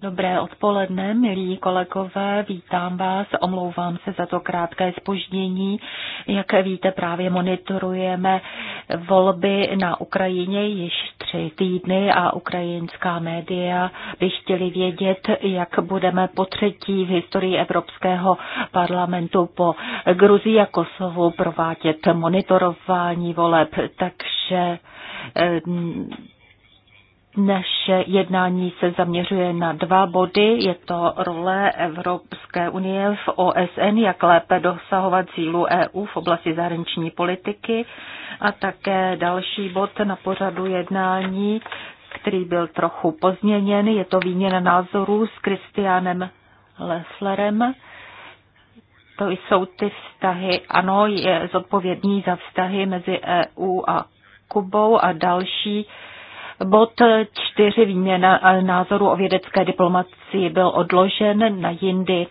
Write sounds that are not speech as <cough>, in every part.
Dobré odpoledne, milí kolegové, vítám vás, omlouvám se za to krátké spoždění. Jak víte, právě monitorujeme volby na Ukrajině již tři týdny a ukrajinská média by chtěli vědět, jak budeme po třetí v historii Evropského parlamentu po Gruzii a Kosovu provádět monitorování voleb. Takže eh, naše jednání se zaměřuje na dva body. Je to role Evropské unie v OSN, jak lépe dosahovat cílů EU v oblasti zahraniční politiky a také další bod na pořadu jednání, který byl trochu pozměněn. Je to výměna názorů s Kristianem Leslerem. To jsou ty vztahy, ano, je zodpovědný za vztahy mezi EU a Kubou a další Bod čtyři výměna eh, názoru o vědecké diplomacii byl odložen na jindy.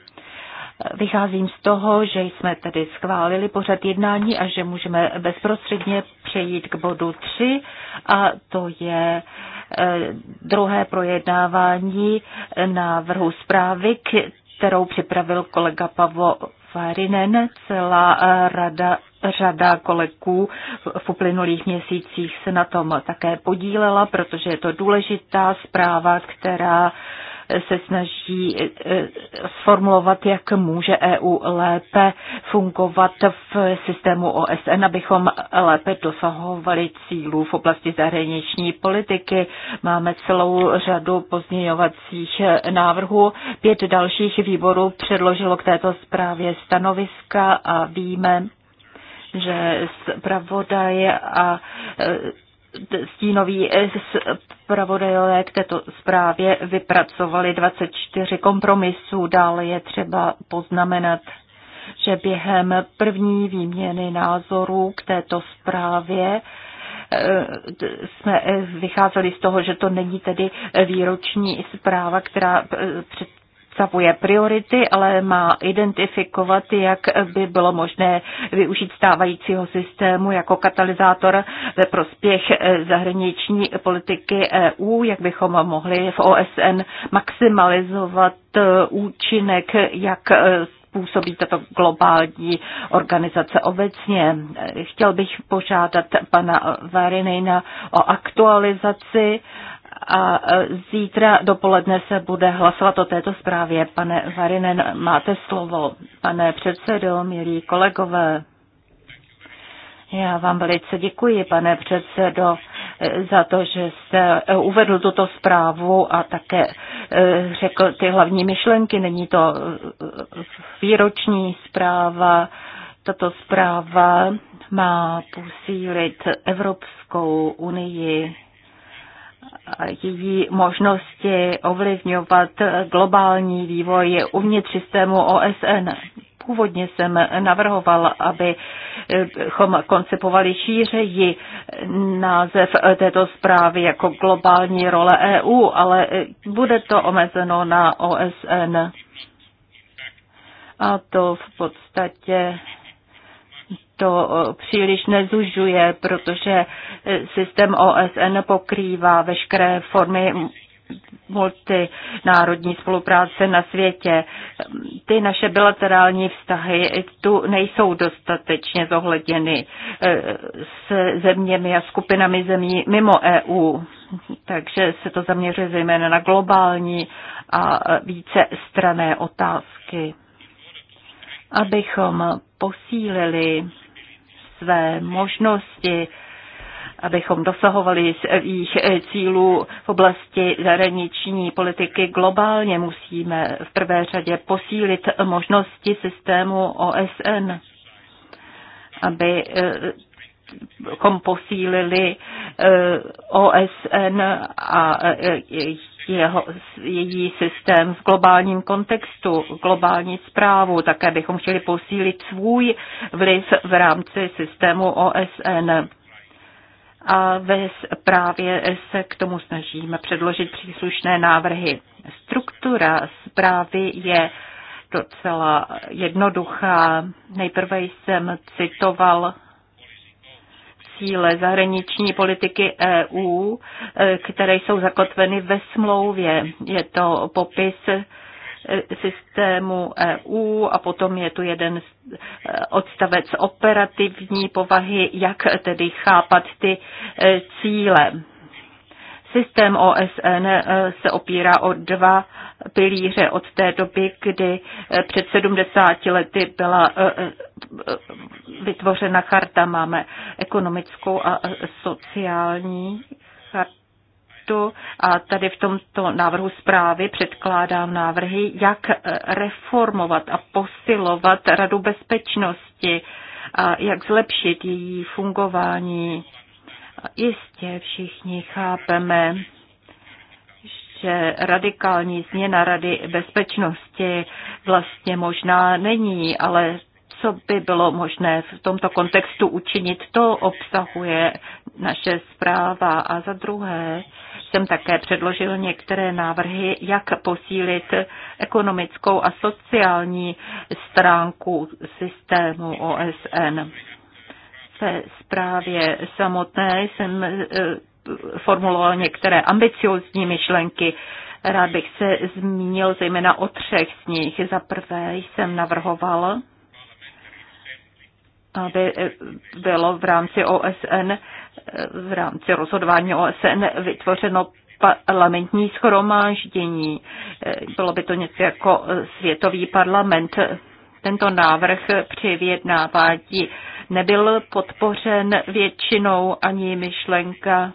Vycházím z toho, že jsme tedy schválili pořad jednání a že můžeme bezprostředně přejít k bodu 3 a to je eh, druhé projednávání návrhu zprávy, kterou připravil kolega Pavlo Farinen. Celá eh, rada Řada kolegů v uplynulých měsících se na tom také podílela, protože je to důležitá zpráva, která se snaží eh, sformulovat, jak může EU lépe fungovat v systému OSN, abychom lépe dosahovali cílů v oblasti zahraniční politiky. Máme celou řadu pozměňovacích eh, návrhů. Pět dalších výborů předložilo k této zprávě stanoviska a víme, že zpravodaj a e, stínoví zpravodajové k této zprávě vypracovali 24 kompromisů. Dále je třeba poznamenat, že během první výměny názorů k této zprávě e, jsme e, vycházeli z toho, že to není tedy výroční zpráva, která stanovuje priority, ale má identifikovat, jak by bylo možné využít stávajícího systému jako katalyzátor ve prospěch eh, zahraniční politiky EU, jak bychom mohli v OSN maximalizovat eh, účinek, jak eh, působí tato globální organizace obecně. Chtěl bych požádat pana Varinejna o aktualizaci a e, zítra dopoledne se bude hlasovat o této zprávě. Pane Varinen, máte slovo. Pane předsedo, milí kolegové, já vám velice děkuji, pane předsedo, e, za to, že jste e, uvedl tuto zprávu a také řekl ty hlavní myšlenky. Není to výroční zpráva, tato zpráva má posílit Evropskou unii její možnosti ovlivňovat globální vývoj uvnitř systému OSN. Původně jsem navrhoval, abychom koncipovali šířeji název této zprávy jako globální role EU, ale bude to omezeno na OSN. A to v podstatě to eh, příliš nezužuje, protože eh, systém OSN pokrývá veškeré formy multinárodní spolupráce na světě. Ty naše bilaterální vztahy tu nejsou dostatečně zohleděny eh, s zeměmi a skupinami zemí mimo EU, takže se to zaměřuje zejména na globální a více strané otázky. Abychom posílili své možnosti, abychom dosahovali svých eh, cílů v oblasti zahraniční politiky globálně, musíme v prvé řadě posílit možnosti systému OSN, aby eh, posílili eh, OSN a jeho, její systém v globálním kontextu, globální zprávu. Také bychom chtěli posílit svůj vliv v rámci systému OSN. A ve zprávě se k tomu snažíme předložit příslušné návrhy. Struktura zprávy je docela jednoduchá. Nejprve jsem citoval cíle zahraniční politiky EU, e, které jsou zakotveny ve smlouvě. Je to popis e, systému EU a potom je tu jeden e, odstavec operativní povahy, jak tedy chápat ty cíle. Systém OSN eh, se opírá o dva pilíře od té doby, kdy eh, před 70 lety byla eh, vytvořena charta. Máme ekonomickou a sociální chartu a tady v tomto návrhu zprávy předkládám návrhy, jak reformovat a posilovat Radu bezpečnosti a jak zlepšit její fungování Jistě všichni chápeme, že radikální změna Rady bezpečnosti vlastně možná není, ale co by bylo možné v tomto kontextu učinit, to obsahuje naše zpráva. A za druhé jsem také předložil některé návrhy, jak posílit ekonomickou a sociální stránku systému OSN. Ve zprávě samotné jsem e, formuloval některé ambiciozní myšlenky. Rád bych se zmínil zejména o třech z nich. Za prvé jsem navrhoval, aby bylo v rámci OSN, e, v rámci rozhodování OSN vytvořeno parlamentní schromáždění. E, bylo by to něco jako světový parlament. Tento návrh při vyjednávání nebyl podpořen většinou ani myšlenka,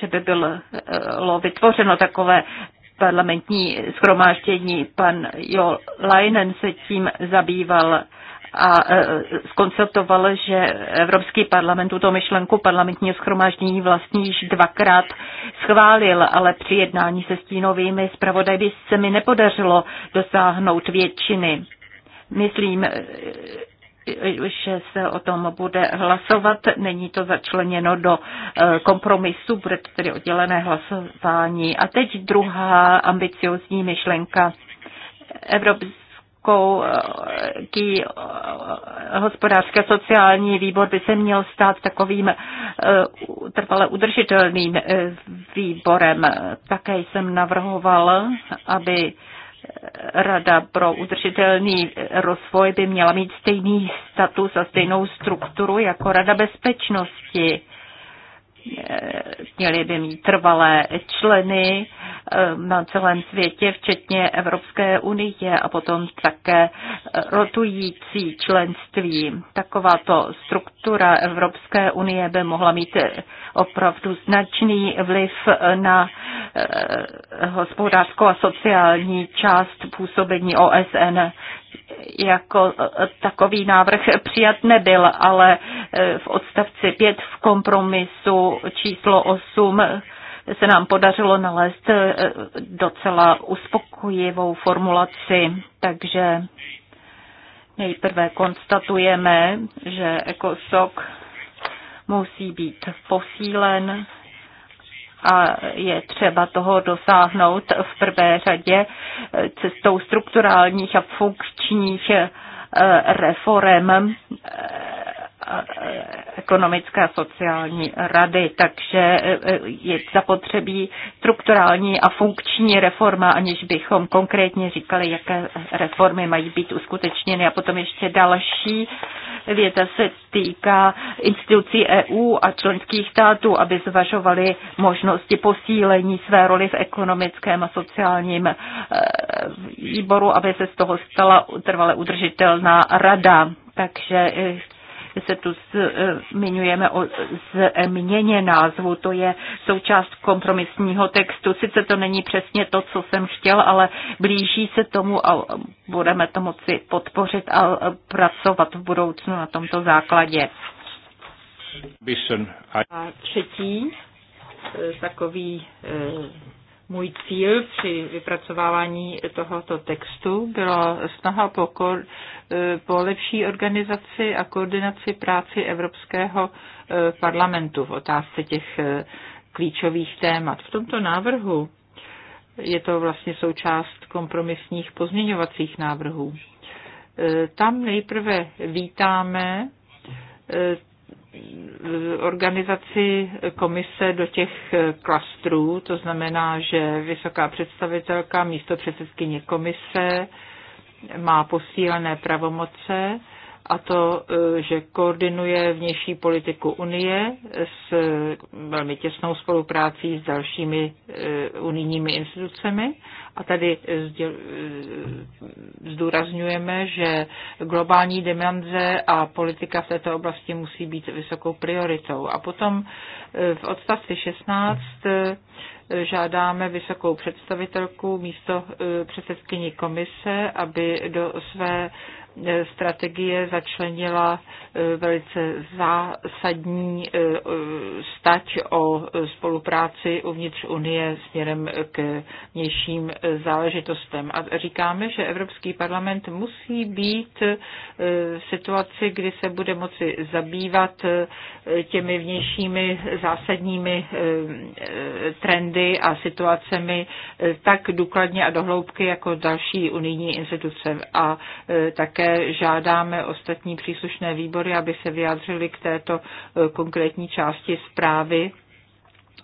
že by bylo eh, vytvořeno takové parlamentní schromáždění. Pan Jo Leinen se tím zabýval a eh, skonstatoval, že Evropský parlament tuto myšlenku parlamentního schromáždění vlastně již dvakrát schválil, ale při jednání se stínovými zpravodaji se mi nepodařilo dosáhnout většiny. Myslím, že se o tom bude hlasovat. Není to začleněno do eh, kompromisu, bude to tedy oddělené hlasování. A teď druhá ambiciozní myšlenka. evropskou, eh, eh, hospodářské sociální výbor by se měl stát takovým trvale udržitelným výborem. Také jsem navrhoval, aby Rada pro udržitelný rozvoj by měla mít stejný status a stejnou strukturu jako Rada bezpečnosti měli by mít trvalé členy eh, na celém světě, včetně Evropské unie a potom také eh, rotující členství. Takováto struktura Evropské unie by mohla mít eh, opravdu značný vliv na hospodářskou a sociální část působení OSN jako e, takový návrh přijat nebyl, ale e, v odstavci 5 v kompromisu číslo 8 se nám podařilo nalézt e, docela uspokojivou formulaci, takže nejprve konstatujeme, že ekosok musí být posílen a je třeba toho dosáhnout v prvé řadě cestou strukturálních a funkčních eh, reform eh, ekonomické a sociální rady, takže eh, eh, je zapotřebí strukturální a funkční reforma, aniž bychom konkrétně říkali, jaké reformy mají být uskutečněny. A potom ještě další věta se týká institucí EU a členských států, aby zvažovali možnosti posílení své roli v ekonomickém a sociálním eh, výboru, aby se z toho stala trvale udržitelná rada. Takže se tu zmiňujeme o změně názvu. To je součást kompromisního textu. Sice to není přesně to, co jsem chtěl, ale blíží se tomu a budeme to moci podpořit a pracovat v budoucnu na tomto základě. A třetí e, takový e, můj cíl při vypracovávání tohoto textu byla snaha po, eh, po lepší organizaci a koordinaci práci Evropského eh, parlamentu v otázce těch eh, klíčových témat. V tomto návrhu je to vlastně součást kompromisních pozměňovacích návrhů. Tam nejprve vítáme organizaci komise do těch eh, klastrů, to znamená, že vysoká představitelka místo předsedkyně komise má posílené pravomoce a to, e, že koordinuje vnější politiku Unie s velmi těsnou spoluprácí s dalšími e, unijními institucemi. A tady e, zdůrazňujeme, že globální dimenze a politika v této oblasti musí být vysokou prioritou. A potom v odstavci 16 žádáme vysokou představitelku místo předsedkyni komise, aby do své E, strategie začlenila e, velice zásadní e, stať o spolupráci uvnitř Unie směrem k vnějším záležitostem. A říkáme, že Evropský parlament musí být v situaci, kdy se bude moci zabývat těmi vnějšími zásadními trendy a situacemi tak důkladně a dohloubky jako další unijní instituce a také žádáme ostatní příslušné výbory, aby se vyjádřili k této eh, konkrétní části zprávy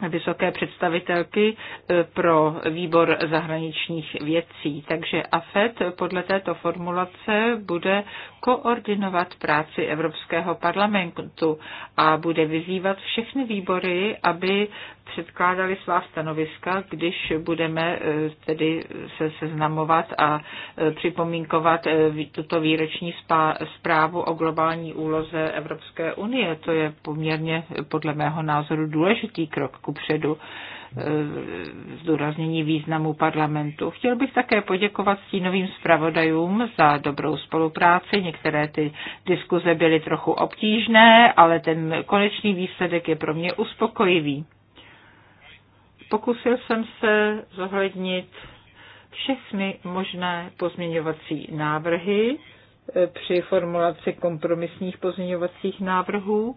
vysoké představitelky eh, pro výbor zahraničních věcí. Takže AFED podle této formulace bude koordinovat práci Evropského parlamentu a bude vyzývat všechny výbory, aby předkládali svá stanoviska, když budeme eh, tedy se seznamovat a eh, připomínkovat eh, tuto výroční zprávu o globální úloze Evropské unie. To je poměrně podle mého názoru důležitý krok ku předu zdůraznění významu parlamentu. Chtěl bych také poděkovat stínovým zpravodajům za dobrou spolupráci. Některé ty diskuze byly trochu obtížné, ale ten konečný výsledek je pro mě uspokojivý. Pokusil jsem se zohlednit všechny možné pozměňovací návrhy eh, při formulaci kompromisních pozměňovacích návrhů.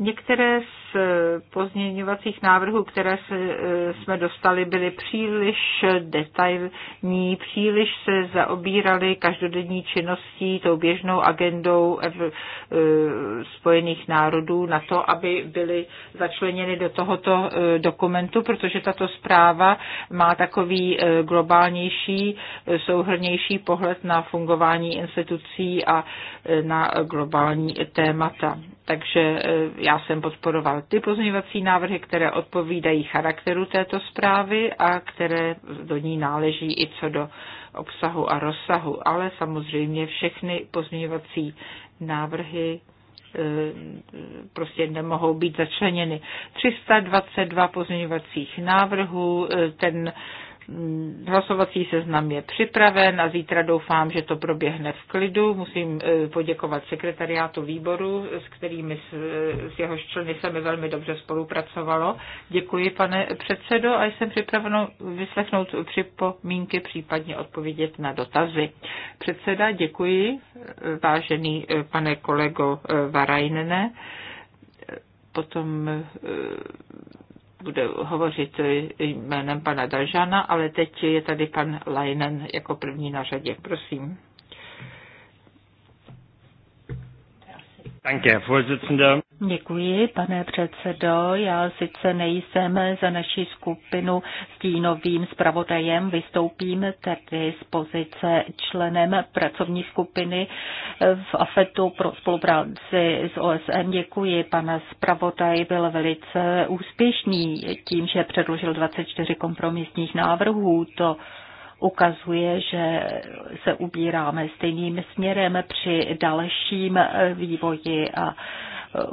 Některé z eh, pozměňovacích návrhů, které eh, jsme dostali, byly příliš detailní, příliš se zaobíraly každodenní činností, tou běžnou agendou eh, Spojených národů na to, aby byly začleněny do tohoto dokumentu, protože tato zpráva má takový globálnější, souhrnější pohled na fungování institucí a na globální témata. Takže e, já jsem podporoval ty pozměňovací návrhy, které odpovídají charakteru této zprávy a které do ní náleží i co do obsahu a rozsahu. Ale samozřejmě všechny pozměňovací návrhy e, prostě nemohou být začleněny. 322 pozměňovacích návrhů, e, ten Hlasovací seznam je připraven a zítra doufám, že to proběhne v klidu. Musím eh, poděkovat sekretariátu výboru, s kterými s jeho členy se mi velmi dobře spolupracovalo. Děkuji, pane předsedo, a jsem připraveno vyslechnout připomínky, případně odpovědět na dotazy. Předseda, děkuji, vážený eh, pane kolego eh, Varajnene. Potom bude hovořit jménem pana Dažana, ale teď je tady pan Leinen jako první na řadě. Prosím. Danke, Herr Vorsitzender. Děkuji, pane předsedo. Já sice nejsem za naši skupinu stínovým zpravodajem, vystoupím tedy z pozice členem pracovní skupiny v AFETu pro spolupráci s OSN. Děkuji, pane zpravodaj byl velice úspěšný tím, že předložil 24 kompromisních návrhů. To ukazuje, že se ubíráme stejným směrem při dalším vývoji a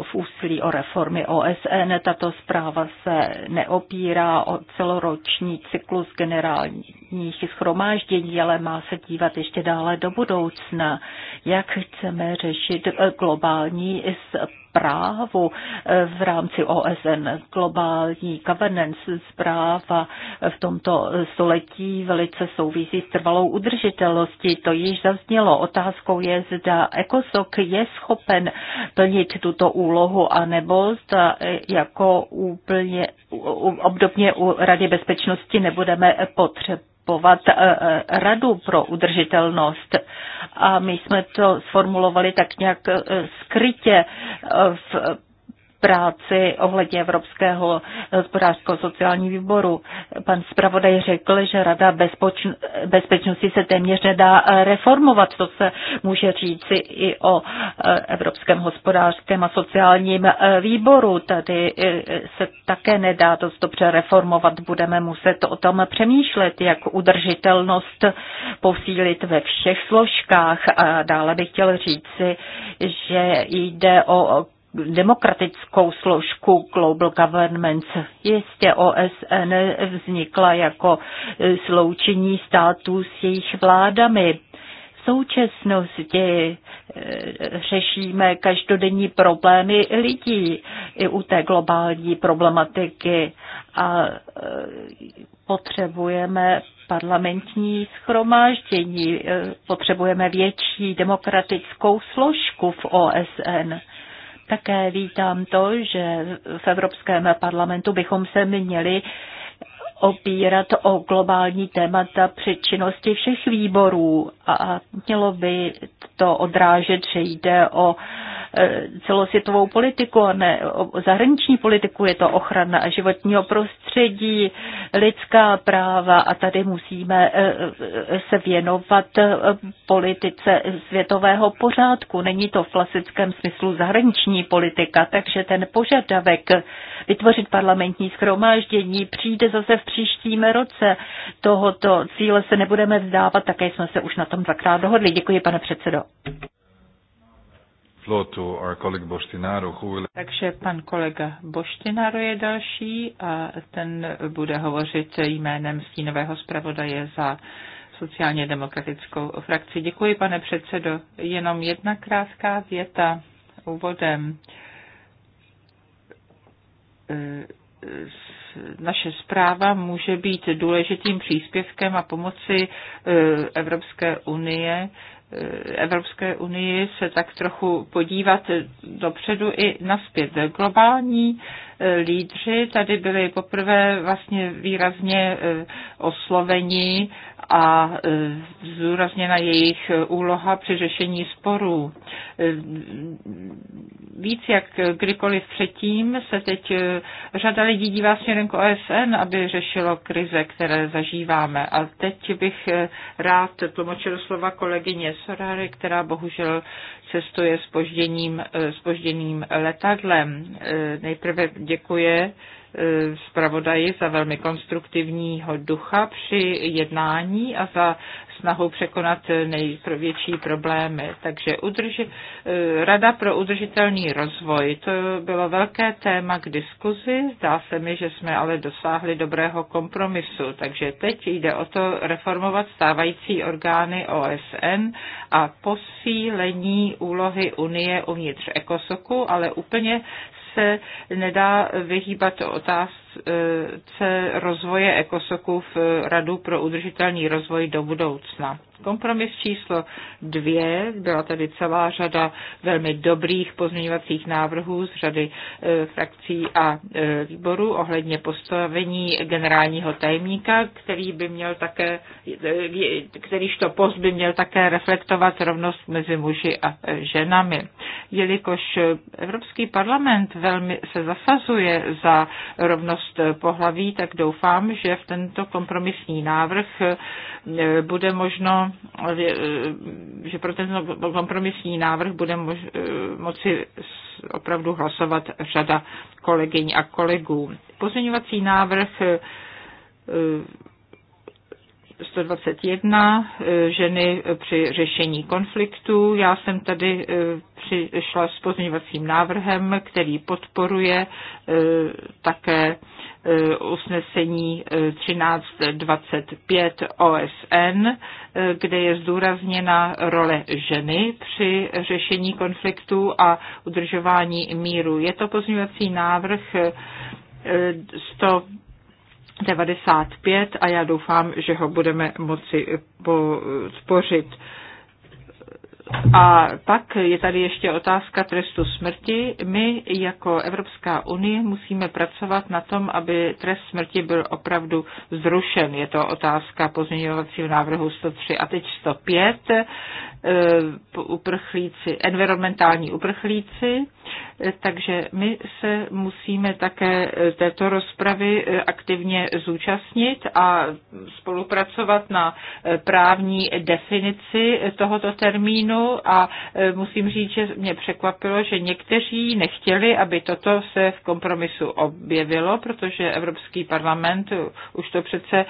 v úsilí o reformy OSN. Tato zpráva se neopírá o celoroční cyklus generálních schromáždění, ale má se dívat ještě dále do budoucna, jak chceme řešit globální zprávu eh, v rámci OSN. Globální governance zpráva v tomto století velice souvisí s trvalou udržitelností. To již zaznělo. Otázkou je, zda ECOSOC je schopen plnit tuto úlohu, anebo zda eh, jako úplně obdobně u Rady bezpečnosti nebudeme potřebovat zastupovat eh, eh, Radu pro udržitelnost. A my jsme to sformulovali tak nějak eh, skrytě v práci ohledně Evropského hospodářsko-sociální výboru. Pan zpravodaj řekl, že Rada bezpočn- bezpečnosti se téměř nedá eh, reformovat. To se může říci i o eh, Evropském hospodářském a sociálním eh, výboru. Tady se také nedá dost dobře reformovat. Budeme muset o tom přemýšlet, jak udržitelnost posílit ve všech složkách. A dále bych chtěl říci, že jde o demokratickou složku Global Governments. Jistě OSN vznikla jako e, sloučení států s jejich vládami. V současnosti e, řešíme každodenní problémy lidí i u té globální problematiky a e, potřebujeme parlamentní schromáždění, potřebujeme větší demokratickou složku v OSN. Také vítám to, že v Evropském parlamentu bychom se měli opírat o globální témata při činnosti všech výborů a mělo by to odrážet, že jde o e, celosvětovou politiku a ne o zahraniční politiku. Je to ochrana životního prostředí, lidská práva a tady musíme e, e, se věnovat politice světového pořádku. Není to v klasickém smyslu zahraniční politika, takže ten požadavek vytvořit parlamentní schromáždění přijde zase v příštím roce. Tohoto cíle se nebudeme vzdávat, také jsme se už na tom dvakrát dohodli. Děkuji, pane předsedo. Takže pan kolega Boštinaro je další a ten bude hovořit jménem stínového zpravodaje za sociálně demokratickou frakci. Děkuji, pane předsedo. Jenom jedna krátká věta úvodem. Naše zpráva může být důležitým příspěvkem a pomoci eh, Evropské unie Evropské unii se tak trochu podívat dopředu i naspět. Globální E, lídři tady byli poprvé vlastně výrazně e, osloveni a e, zúrazněna jejich úloha při řešení sporů. Víc jak kdykoliv předtím se teď řada lidí dívá směrem k OSN, aby řešilo krize, které zažíváme. A teď bych rád tlumočil slova kolegyně Sorary, která bohužel cestuje spožděným, spožděným letadlem. Nejprve děkuje eh, zpravodaji za velmi konstruktivního ducha při jednání a za snahu překonat největší problémy. Takže udrži, eh, Rada pro udržitelný rozvoj, to bylo velké téma k diskuzi, zdá se mi, že jsme ale dosáhli dobrého kompromisu, takže teď jde o to reformovat stávající orgány OSN a posílení úlohy Unie uvnitř ekosoku, ale úplně se nedá vyhýbat otázce, otázce rozvoje ekosoku v Radu pro udržitelný rozvoj do budoucna. Kompromis číslo dvě, byla tady celá řada velmi dobrých pozměňovacích návrhů z řady e, frakcí a e, výborů ohledně postavení generálního tajemníka, který by měl také, e, kterýž to post by měl také reflektovat rovnost mezi muži a e, ženami. Jelikož Evropský parlament velmi se zasazuje za rovnost rovnost pohlaví, tak doufám, že v tento kompromisní návrh eh, bude možno, eh, že pro tento kompromisní návrh bude eh, moci opravdu hlasovat řada kolegyň a kolegů. Pozměňovací návrh 121 eh, ženy při řešení konfliktů. Já jsem tady eh, přišla s pozměňovacím návrhem, který podporuje eh, také usnesení 1325 OSN, kde je zdůrazněna role ženy při řešení konfliktů a udržování míru. Je to pozměňovací návrh 100 95 a já doufám, že ho budeme moci spořit. Po, a pak je tady ještě otázka trestu smrti. My jako Evropská unie musíme pracovat na tom, aby trest smrti byl opravdu zrušen. Je to otázka pozměňovacího návrhu 103 a teď 105. Eh, uprchlíci, environmentální uprchlíci. Eh, takže my se musíme také eh, této rozpravy aktivně zúčastnit a spolupracovat na právní definici tohoto termínu Dublinu a e, musím říct, že mě překvapilo, že někteří nechtěli, aby toto se v kompromisu objevilo, protože Evropský parlament už to přece e,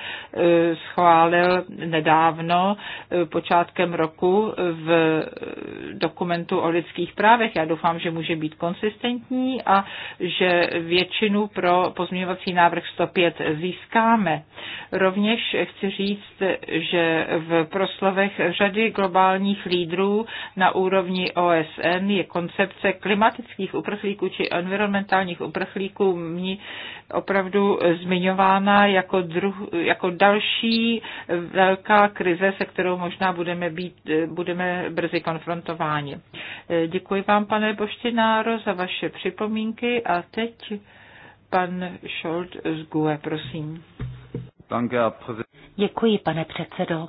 schválil nedávno, e, počátkem roku v dokumentu o lidských právech. Já doufám, že může být konsistentní a že většinu pro pozměňovací návrh 105 získáme. Rovněž chci říct, že v proslovech řady globálních lídrů na úrovni OSN je koncepce klimatických uprchlíků či environmentálních uprchlíků mě opravdu zmiňována jako, druh, jako další velká krize, se kterou možná budeme, být, budeme brzy konfrontováni. Děkuji vám, pane Boštináro, za vaše připomínky a teď pan Šolt z GUE, prosím. Děkuji, pane předsedo.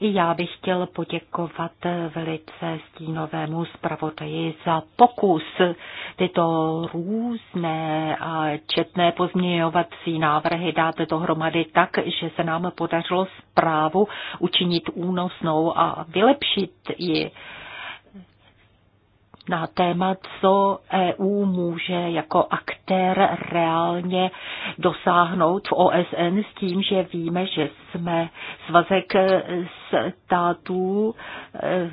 I já bych chtěl poděkovat velice stínovému zpravodaji za pokus tyto různé a četné pozměňovací návrhy dát dohromady tak, že se nám podařilo zprávu učinit únosnou a vylepšit ji na téma, co EU může jako aktér reálně dosáhnout v OSN s tím, že víme, že jsme svazek států, eh,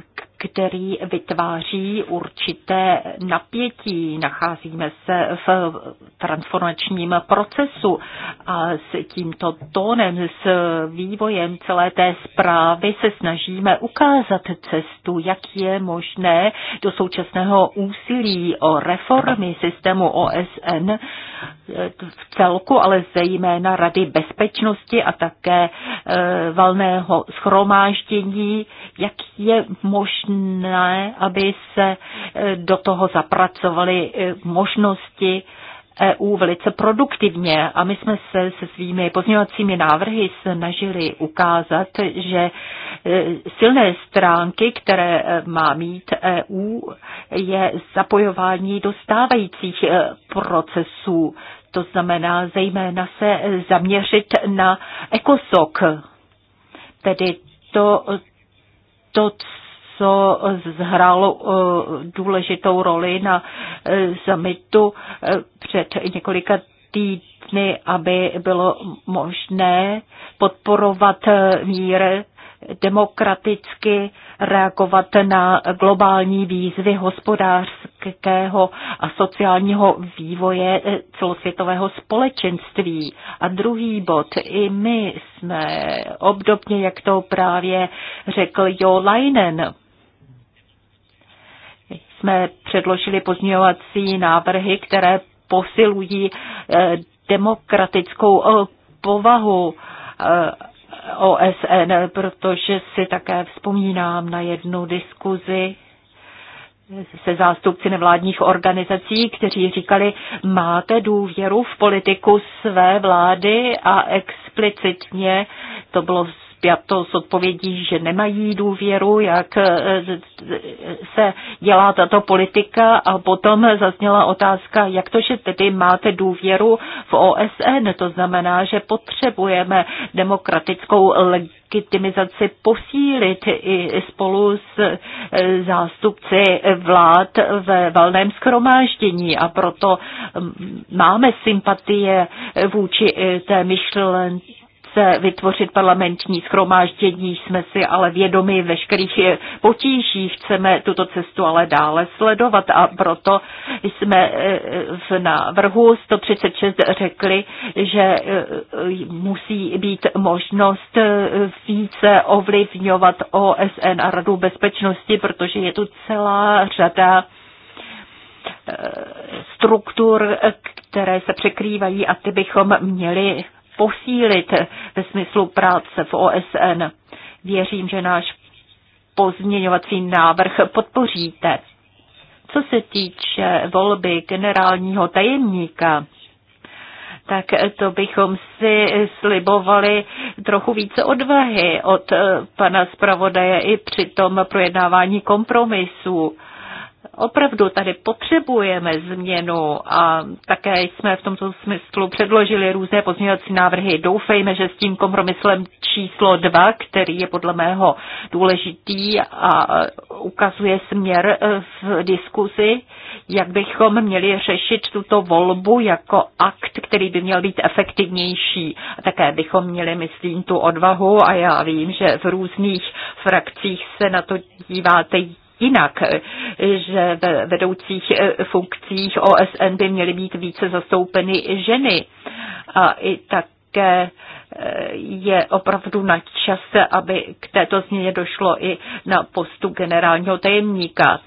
který vytváří určité napětí. Nacházíme se v transformačním procesu a s tímto tónem, s vývojem celé té zprávy se snažíme ukázat cestu, jak je možné do současného úsilí o reformy systému OSN v celku, ale zejména Rady bezpečnosti a také eh, valného schromáždění, jak je možné nutné, aby se eh, do toho zapracovaly eh, možnosti EU velice produktivně a my jsme se se svými pozměňovacími návrhy snažili ukázat, že eh, silné stránky, které má mít EU, je zapojování do stávajících procesů. To znamená zejména se zaměřit na ekosok, tedy to, to co zhrálo eh, důležitou roli na eh, summitu eh, před několika týdny, aby bylo možné podporovat mír demokraticky reagovat na globální výzvy hospodářského a sociálního vývoje celosvětového společenství. A druhý bod, i my jsme obdobně, jak to právě řekl Jo Leinen, jsme předložili pozměňovací návrhy, které posilují eh, demokratickou eh, povahu eh, OSN, protože si také vzpomínám na jednu diskuzi se zástupci nevládních organizací, kteří říkali, máte důvěru v politiku své vlády a explicitně to bylo spjato s odpovědí, že nemají důvěru, jak eh, se dělá tato politika a potom zazněla otázka, jak to, že tedy máte důvěru v OSN, to znamená, že potřebujeme demokratickou legitimizaci legitimizaci posílit i spolu s eh, zástupci vlád ve valném schromáždění a proto mm, máme sympatie vůči eh, té myšlence se vytvořit parlamentní schromáždění. Jsme si ale vědomi veškerých potíží. Chceme tuto cestu ale dále sledovat a proto jsme eh, v návrhu 136 řekli, že eh, musí být možnost eh, více ovlivňovat OSN a Radu bezpečnosti, protože je tu celá řada struktur, které se překrývají a ty bychom měli posílit ve smyslu práce v OSN. Věřím, že náš pozměňovací návrh podpoříte. Co se týče volby generálního tajemníka, tak to bychom si slibovali trochu více odvahy od eh, pana zpravodaje i při tom projednávání kompromisů. Opravdu tady potřebujeme změnu a také jsme v tomto smyslu předložili různé pozměňovací návrhy. Doufejme, že s tím kompromislem číslo dva, který je podle mého důležitý a ukazuje směr v diskuzi, jak bychom měli řešit tuto volbu jako akt, který by měl být efektivnější. také bychom měli, myslím, tu odvahu a já vím, že v různých frakcích se na to díváte jinak, že ve vedoucích eh, funkcích OSN by měly být více zastoupeny ženy. A i také eh, je opravdu na čase, aby k této změně došlo i na postu generálního tajemníka.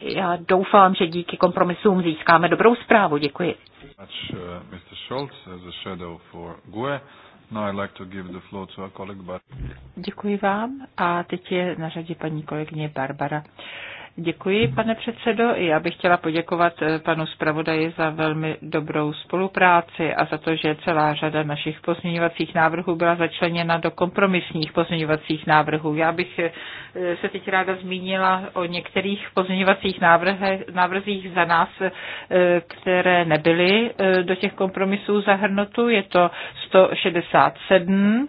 Já doufám, že díky kompromisům získáme dobrou zprávu. Děkuji. Eh, Děkuji vám a teď je na řadě paní kolegyně Barbara. Děkuji, pane předsedo. Já bych chtěla poděkovat eh, panu zpravodaji za velmi dobrou spolupráci a za to, že celá řada našich pozměňovacích návrhů byla začleněna do kompromisních pozměňovacích návrhů. Já bych eh, se teď ráda zmínila o některých pozměňovacích návrzích za nás, eh, které nebyly do těch kompromisů zahrnutu. Je to 167,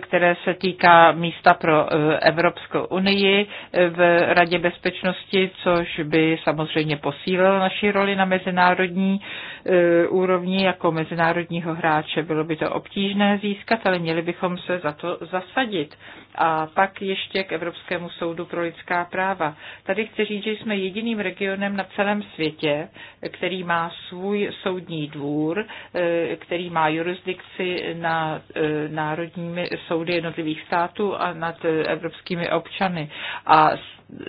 které se týká místa pro eh, Evropskou unii eh, v Radě bezpečnosti, což by samozřejmě posílilo naši roli na mezinárodní eh, úrovni jako mezinárodního hráče. Bylo by to obtížné získat, ale měli bychom se za to zasadit a pak ještě k Evropskému soudu pro lidská práva. Tady chci říct, že jsme jediným regionem na celém světě, který má svůj soudní dvůr, eh, který má jurisdikci na eh, národními soudy jednotlivých států a nad eh, evropskými občany. A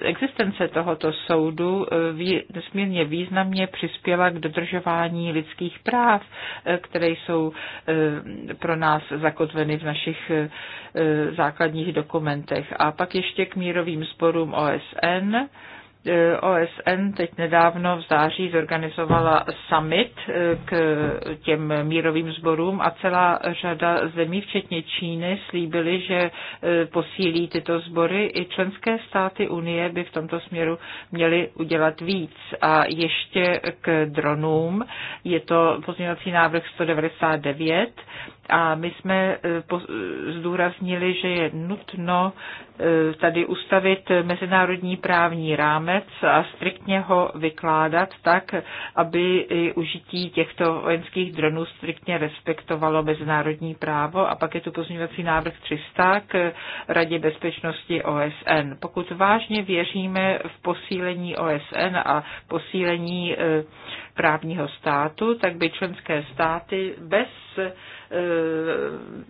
existence tohoto soudu eh, nesmírně významně přispěla k dodržování lidských práv, eh, které jsou eh, pro nás zakotveny v našich základních dokumentech. A pak ještě k mírovým sporům OSN E, OSN teď nedávno v září zorganizovala summit e, k těm mírovým sborům a celá řada zemí, včetně Číny, slíbily, že e, posílí tyto sbory. I členské státy Unie by v tomto směru měly udělat víc. A ještě k dronům. Je to pozměňovací návrh 199 a my jsme e, e, zdůraznili, že je nutno e, tady ustavit mezinárodní právní rámec a striktně ho vykládat tak, aby i užití těchto vojenských dronů striktně respektovalo mezinárodní právo. A pak je tu pozměňovací návrh 300 k Radě bezpečnosti OSN. Pokud vážně věříme v posílení OSN a posílení právního státu, tak by členské státy bez Eh,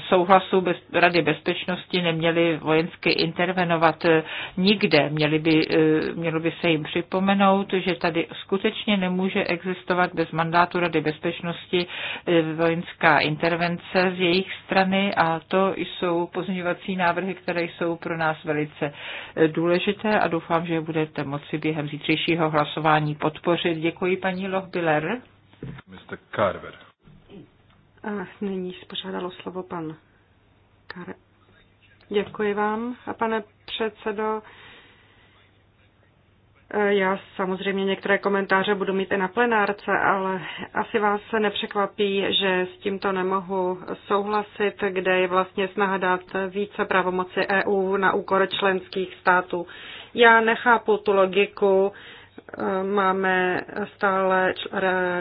souhlasu bez, Rady bezpečnosti neměli vojensky intervenovat nikde. Měli by, eh, mělo by se jim připomenout, že tady skutečně nemůže existovat bez mandátu Rady bezpečnosti eh, vojenská intervence z jejich strany a to jsou pozměňovací návrhy, které jsou pro nás velice důležité a doufám, že budete moci během zítřejšího hlasování podpořit. Děkuji paní Lohbiller. Mr. Carver. A nyní požádalo slovo pan Kare. Děkuji vám, a pane předsedo. Já samozřejmě některé komentáře budu mít i na plenárce, ale asi vás se nepřekvapí, že s tímto nemohu souhlasit, kde je vlastně snaha dát více pravomoci EU na úkor členských států. Já nechápu tu logiku, máme stále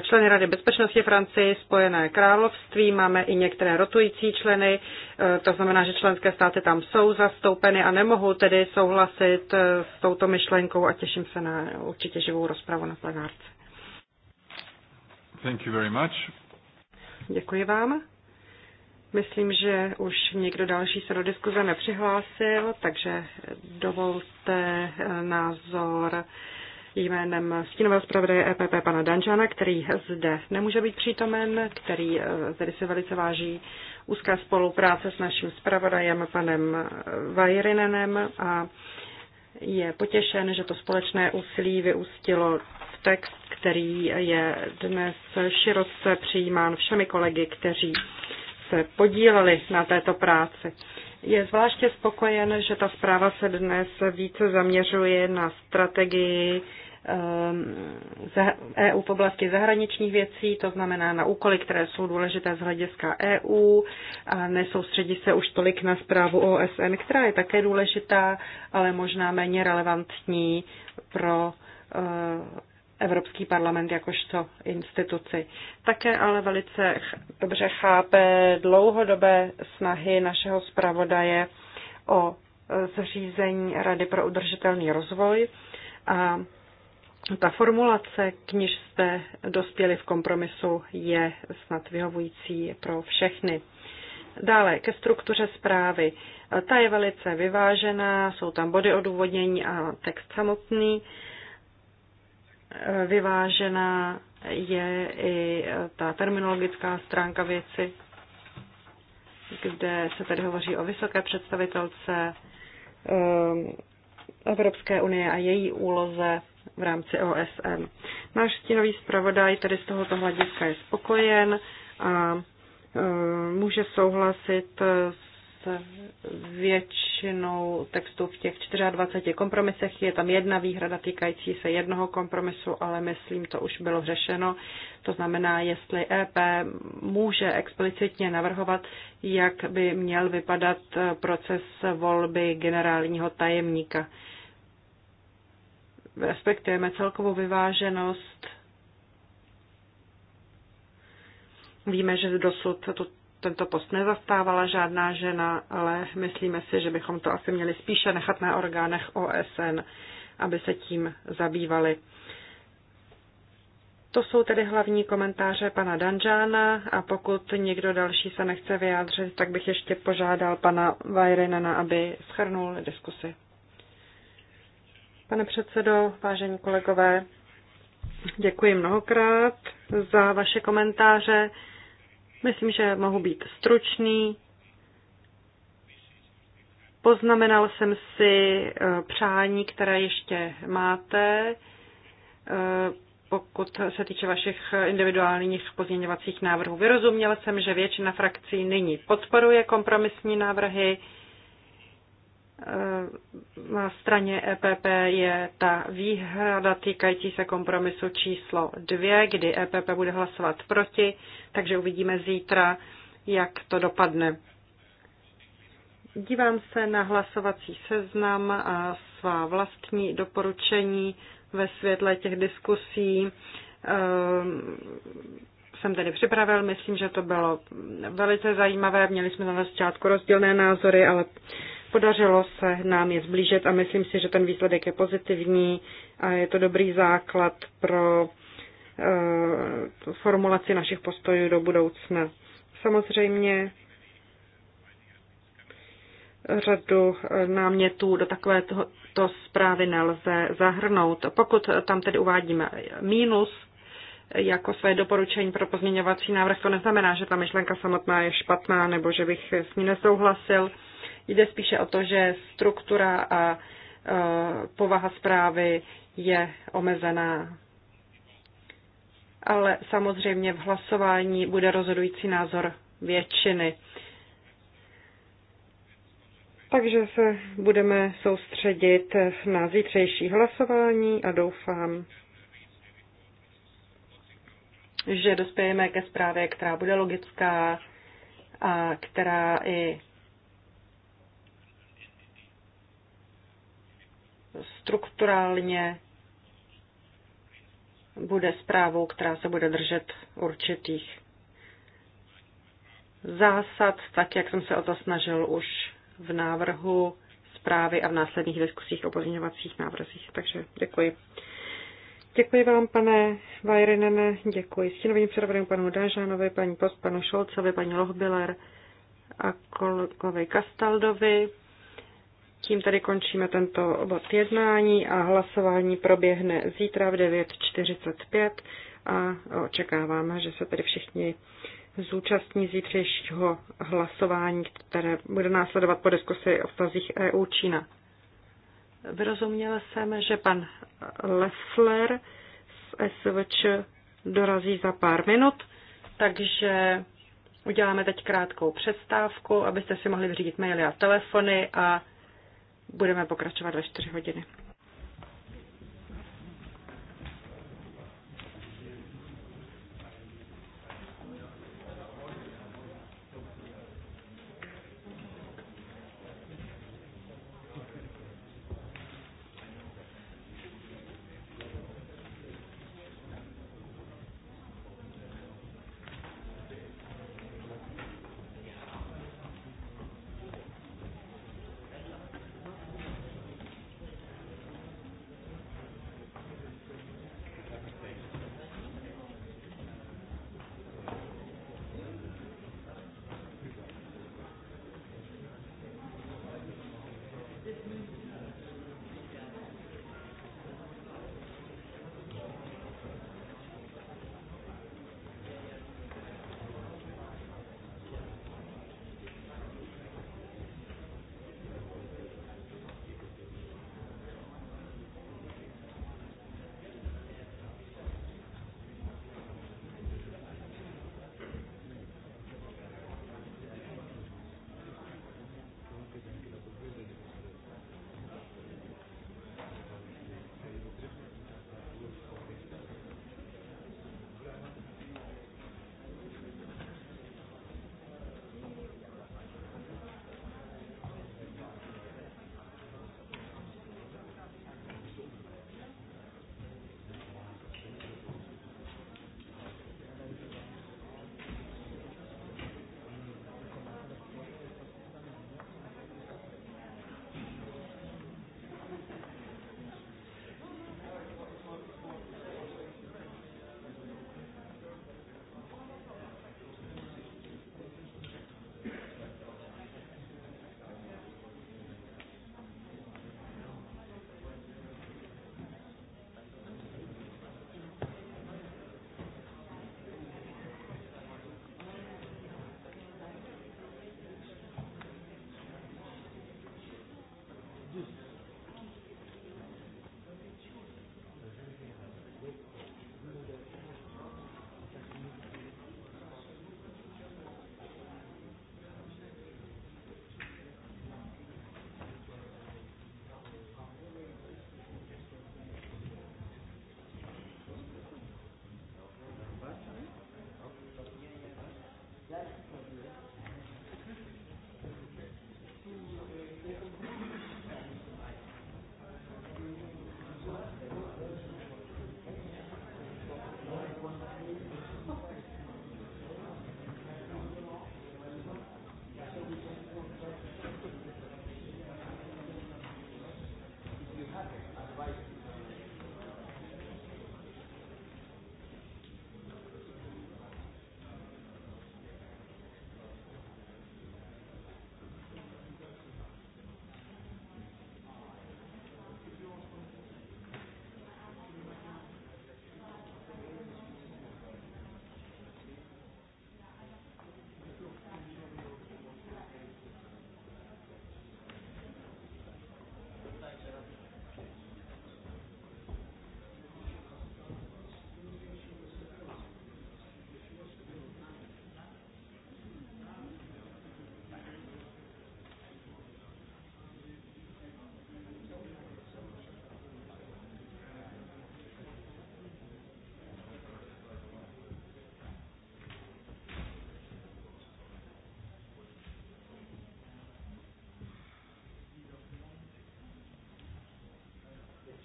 členy Rady bezpečnosti Francii, Spojené království, máme i některé rotující členy, eh, to znamená, že členské státy tam jsou zastoupeny a nemohou tedy souhlasit eh, s touto myšlenkou a těším se na určitě živou rozpravu na plenárce. Thank you very much. Děkuji vám. Myslím, že už někdo další se do diskuze nepřihlásil, takže dovolte eh, názor jménem stínového zpravodaje EPP pana Danžana, který zde nemůže být přítomen, který eh, tedy se velice váží úzká spolupráce s naším zpravodajem panem eh, Vajrinenem a je potěšen, že to společné úsilí vyústilo v text, který je dnes široce přijímán všemi kolegy, kteří se podíleli na této práci. Je zvláště spokojen, že ta zpráva se dnes více zaměřuje na strategii EU ehm, e v oblasti zahraničních věcí, to znamená na úkoly, které jsou důležité z hlediska EU a nesoustředí se už tolik na zprávu OSN, která je také důležitá, ale možná méně relevantní pro eh, Evropský parlament jakožto instituci. Také ale velice dobře chápe dlouhodobé snahy našeho zpravodaje o eh, zřízení Rady pro udržitelný rozvoj a ta formulace, k níž jste dospěli v kompromisu, je snad vyhovující pro všechny. Dále ke struktuře zprávy. Ta je velice vyvážená, jsou tam body odůvodnění a text samotný. Vyvážená je i ta terminologická stránka věci, kde se tedy hovoří o vysoké představitelce ehm, Evropské unie a její úloze v rámci OSN. Náš stínový zpravodaj tedy z tohoto hlediska je spokojen a e, může souhlasit s většinou textů v těch 24 kompromisech. Je tam jedna výhrada týkající se jednoho kompromisu, ale myslím, to už bylo řešeno. To znamená, jestli EP může explicitně navrhovat, jak by měl vypadat proces volby generálního tajemníka respektujeme celkovou vyváženost. Víme, že dosud to, tento post nezastávala žádná žena, ale myslíme si, že bychom to asi měli spíše nechat na orgánech OSN, aby se tím zabývali. To jsou tedy hlavní komentáře pana Danžána a pokud někdo další se nechce vyjádřit, tak bych ještě požádal pana Vajrenana, aby schrnul diskusi. Pane předsedo, vážení kolegové, děkuji mnohokrát za vaše komentáře. Myslím, že mohu být stručný. Poznamenal jsem si eh, přání, které ještě máte, eh, pokud se týče vašich individuálních pozměňovacích návrhů. Vyrozuměl jsem, že většina frakcí nyní podporuje kompromisní návrhy. Eh, na straně EPP je ta výhrada týkající se kompromisu číslo dvě, kdy EPP bude hlasovat proti, takže uvidíme zítra, jak to dopadne. Dívám se na hlasovací seznam a svá vlastní doporučení ve světle těch diskusí. Eh, jsem tedy připravil, myslím, že to bylo velice zajímavé. Měli jsme na začátku rozdílné názory, ale Podařilo se nám je zblížit a myslím si, že ten výsledek je pozitivní a je to dobrý základ pro eh, formulaci našich postojů do budoucna. Samozřejmě řadu eh, námětů do takovéto zprávy nelze zahrnout. Pokud tam tedy uvádíme mínus jako své doporučení pro pozměňovací návrh, to neznamená, že ta myšlenka samotná je špatná nebo že bych s ní nesouhlasil. Jde spíše o to, že struktura a e, povaha zprávy je omezená. Ale samozřejmě v hlasování bude rozhodující názor většiny. Takže se budeme soustředit na zítřejší hlasování a doufám, že dospějeme ke zprávě, která bude logická a která i strukturálně bude zprávou, která se bude držet určitých zásad, tak jak jsem se o to snažil už v návrhu zprávy a v následných diskusích o pozměňovacích návrzích. Takže děkuji. Děkuji vám, pane Vajrinene, děkuji stínovým předvedeným panu Dážánovi, paní Post, panu Šolcovi, paní Lohbiller a kolegovi Kastaldovi. Tím tady končíme tento bod jednání a hlasování proběhne zítra v 9.45 a očekáváme, že se tedy všichni zúčastní zítřejšího hlasování, které bude následovat po diskusi o vztazích EU-Čína. Vyrozuměla jsem, že pan Lesler z SVČ dorazí za pár minut, takže uděláme teď krátkou přestávku, abyste si mohli vyřídit maily a telefony a budeme pokračovat ve 4 hodiny.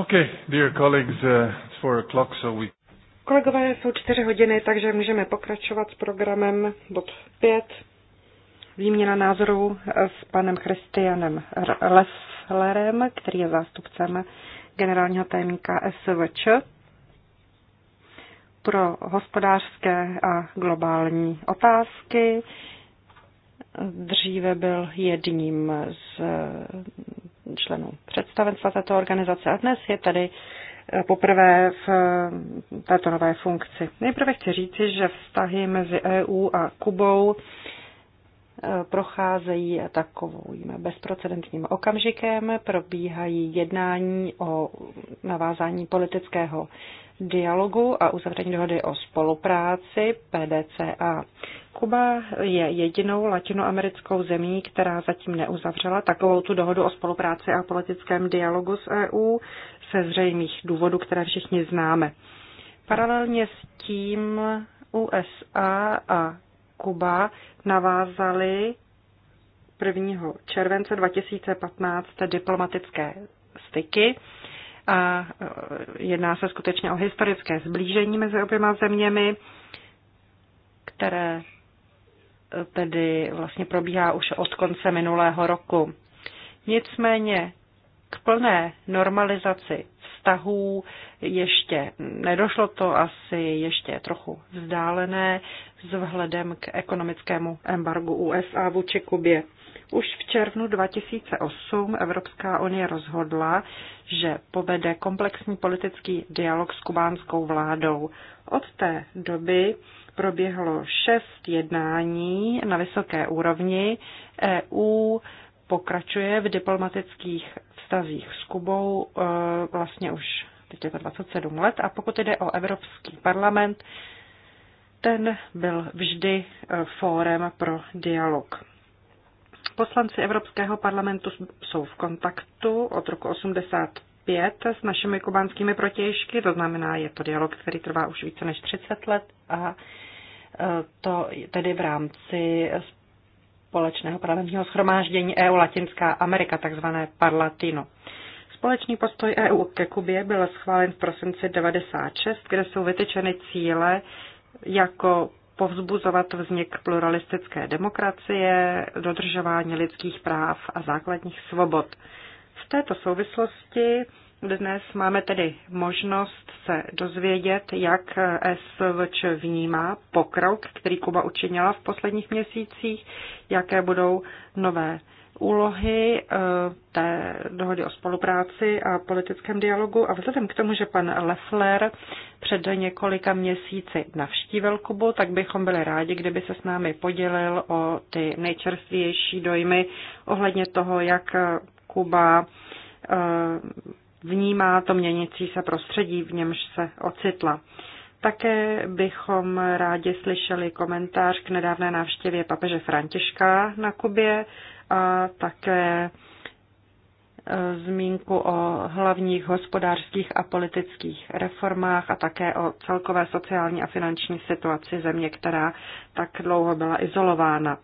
Okay, dear colleagues, uh, it's four o'clock, so we... Kolegové, jsou čtyři hodiny, takže můžeme pokračovat s programem bod 5. Výměna názorů eh, s panem Christianem Lesslerem, který je zástupcem generálního tajemníka SVČ pro hospodářské a globální otázky. Dříve byl jedním z eh, členů předsednictví představenstva této organizace a dnes je tady eh, poprvé v eh, této nové funkci. Nejprve chci říci, že vztahy mezi EU a Kubou eh, procházejí takovým bezprecedentním okamžikem, probíhají jednání o navázání politického dialogu a uzavření dohody o spolupráci PDCA. Kuba je jedinou latinoamerickou zemí, která zatím neuzavřela takovou tu dohodu o spolupráci a politickém dialogu s EU se zřejmých důvodů, které všichni známe. Paralelně s tím USA a Kuba navázali 1. července 2015 diplomatické styky a eh, jedná se skutečně o historické zblížení mezi oběma zeměmi, které eh, tedy vlastně probíhá už od konce minulého roku. Nicméně k plné normalizaci vztahů ještě nedošlo to asi ještě trochu vzdálené s k ekonomickému embargu USA vůči Kubě. Už v červnu 2008 Evropská unie rozhodla, že povede komplexní politický dialog s kubánskou vládou. Od té doby proběhlo šest jednání na vysoké úrovni. EU pokračuje v diplomatických vztazích s Kubou e, vlastně už teď je to 27 let. A pokud jde o Evropský parlament, ten byl vždy e, fórem pro dialog. Poslanci Evropského parlamentu jsou v kontaktu od roku 85 s našimi kubánskými protějšky, to znamená, je to dialog, který trvá už více než 30 let a e, to tedy v rámci společného parlamentního schromáždění EU Latinská Amerika, takzvané Parlatino. Společný postoj EU ke Kubě byl schválen v prosinci 96, kde jsou vytyčeny cíle jako povzbuzovat vznik pluralistické demokracie, dodržování lidských práv a základních svobod. V této souvislosti dnes máme tedy možnost se dozvědět, jak SVČ vnímá pokrok, který Kuba učinila v posledních měsících, jaké budou nové úlohy eh, té dohody o spolupráci a politickém dialogu a vzhledem k tomu, že pan Leffler před několika měsíci navštívil Kubu, tak bychom byli rádi, kdyby se s námi podělil o ty nejčerstvější dojmy ohledně toho, jak Kuba eh, vnímá to měnící se prostředí, v němž se ocitla. Také bychom rádi slyšeli komentář k nedávné návštěvě papeže Františka na Kubě a také e, zmínku o hlavních hospodářských a politických reformách a také o celkové sociální a finanční situaci země, která tak dlouho byla izolována.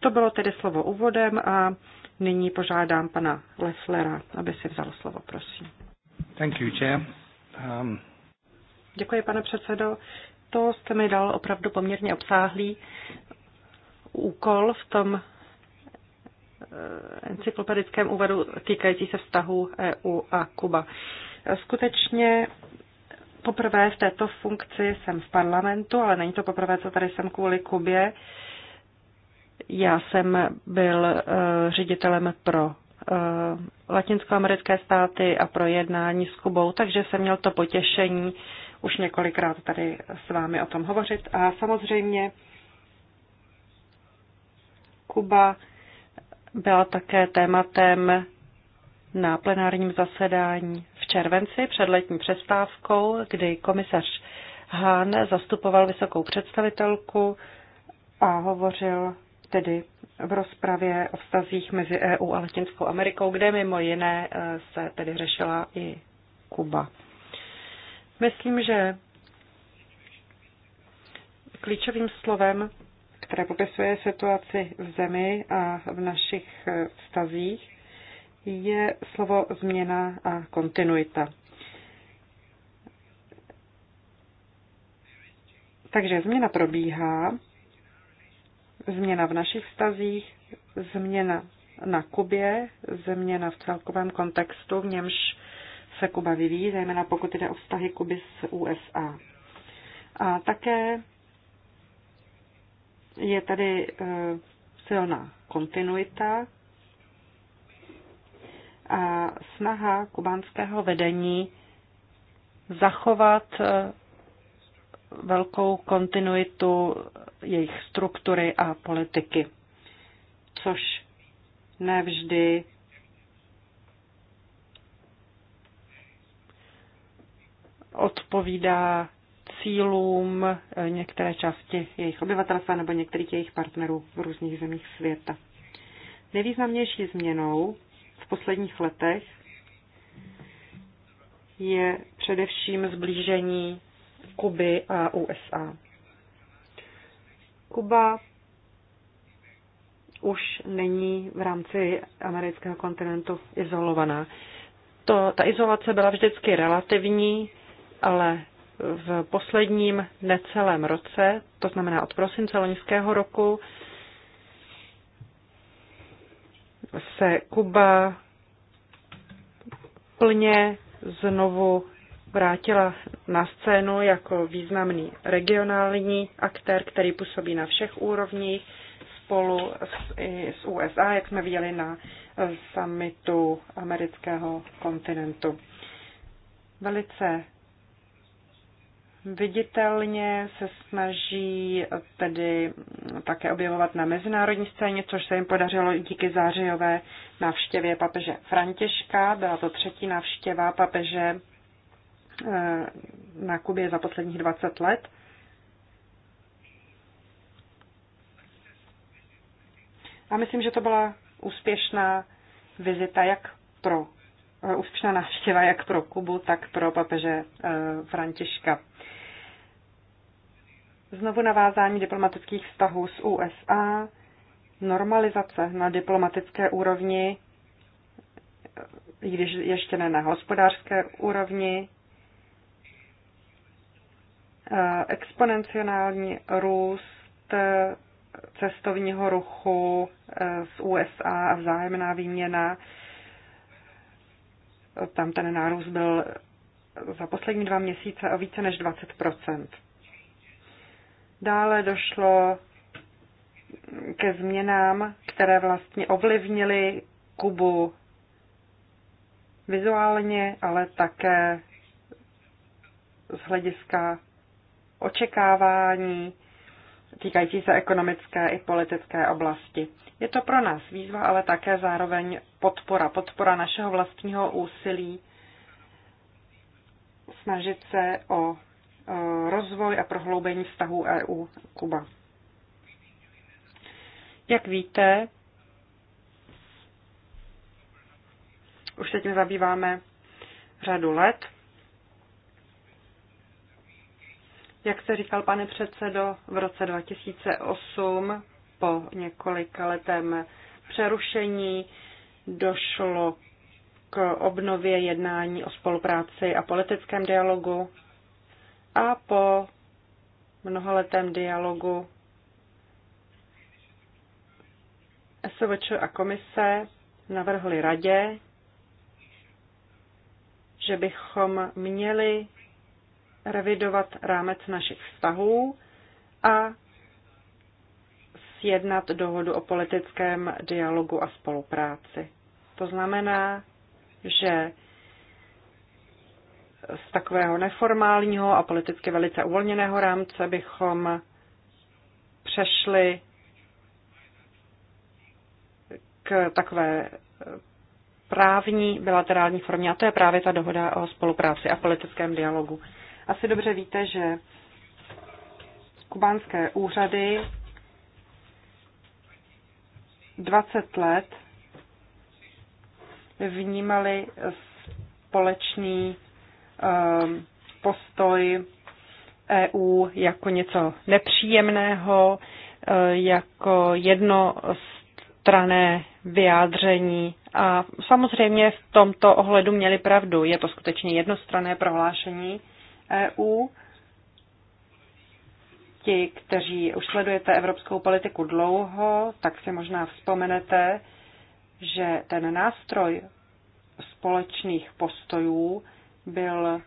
To bylo tedy slovo úvodem a nyní požádám pana Leslera, aby si vzal slovo, prosím. Thank you, chair. Um... Děkuji, pane předsedo. To jste mi dal opravdu poměrně obsáhlý úkol v tom Eh, encyklopedickém úvodu týkající se vztahu EU a Kuba. Skutečně poprvé v této funkci jsem v parlamentu, ale není to poprvé, co tady jsem kvůli Kubě. Já jsem byl eh, ředitelem pro eh, latinskoamerické státy a pro jednání s Kubou, takže jsem měl to potěšení už několikrát tady s vámi o tom hovořit. A samozřejmě Kuba byla také tématem na plenárním zasedání v červenci před letní přestávkou, kdy komisař Hahn zastupoval vysokou představitelku a hovořil tedy v rozpravě o vztazích mezi EU a Latinskou Amerikou, kde mimo jiné eh, se tedy řešila i Kuba. Myslím, že klíčovým slovem které popisuje situaci v zemi a v našich eh, vztazích, je slovo změna a kontinuita. Takže změna probíhá, změna v našich vztazích, změna na Kubě, změna v celkovém kontextu, v němž se Kuba vyvíjí, zejména pokud jde o vztahy Kuby s USA. A také je tady eh, silná kontinuita a snaha kubánského vedení zachovat eh, velkou kontinuitu jejich struktury a politiky, což nevždy odpovídá cílům eh, některé části jejich obyvatelstva nebo některých jejich partnerů v různých zemích světa. Nejvýznamnější změnou v posledních letech je především zblížení Kuby a USA. Kuba už není v rámci amerického kontinentu izolovaná. To, ta izolace byla vždycky relativní, ale v posledním necelém roce, to znamená od prosince loňského roku, se Kuba plně znovu vrátila na scénu jako významný regionální aktér, který působí na všech úrovních spolu s, i s USA, jak jsme viděli na summitu amerického kontinentu. Velice viditelně se snaží tedy také objevovat na mezinárodní scéně, což se jim podařilo díky zářijové návštěvě papeže Františka. Byla to třetí návštěva papeže eh, na Kubě za posledních 20 let. A myslím, že to byla úspěšná vizita jak pro eh, úspěšná návštěva jak pro Kubu, tak pro papeže eh, Františka. Znovu navázání diplomatických vztahů s USA, normalizace na diplomatické úrovni, i když ještě ne na hospodářské úrovni, eh, exponenciální růst eh, cestovního ruchu eh, z USA a vzájemná výměna. Tam ten nárůst byl za poslední dva měsíce o více než 20 Dále došlo ke změnám, které vlastně ovlivnily Kubu vizuálně, ale také z hlediska očekávání týkající se ekonomické i politické oblasti. Je to pro nás výzva, ale také zároveň podpora, podpora našeho vlastního úsilí snažit se o Eh, rozvoj a prohloubení vztahů EU-Kuba. Jak víte, už se tím zabýváme řadu let. Jak se říkal, pane předsedo, v roce 2008 po několika letém přerušení došlo k obnově jednání o spolupráci a politickém dialogu a po mnoholetém dialogu SVČ a komise navrhli radě, že bychom měli revidovat rámec našich vztahů a sjednat dohodu o politickém dialogu a spolupráci. To znamená, že z takového neformálního a politicky velice uvolněného rámce bychom přešli k takové právní bilaterální formě, a to je právě ta dohoda o spolupráci a politickém dialogu. Asi dobře víte, že kubánské úřady 20 let vnímali společný Ehm, postoj EU jako něco nepříjemného, eh, jako jednostrané vyjádření. A samozřejmě v tomto ohledu měli pravdu. Je to skutečně jednostrané prohlášení EU. Ti, kteří už sledujete evropskou politiku dlouho, tak si možná vzpomenete, že ten nástroj společných postojů byl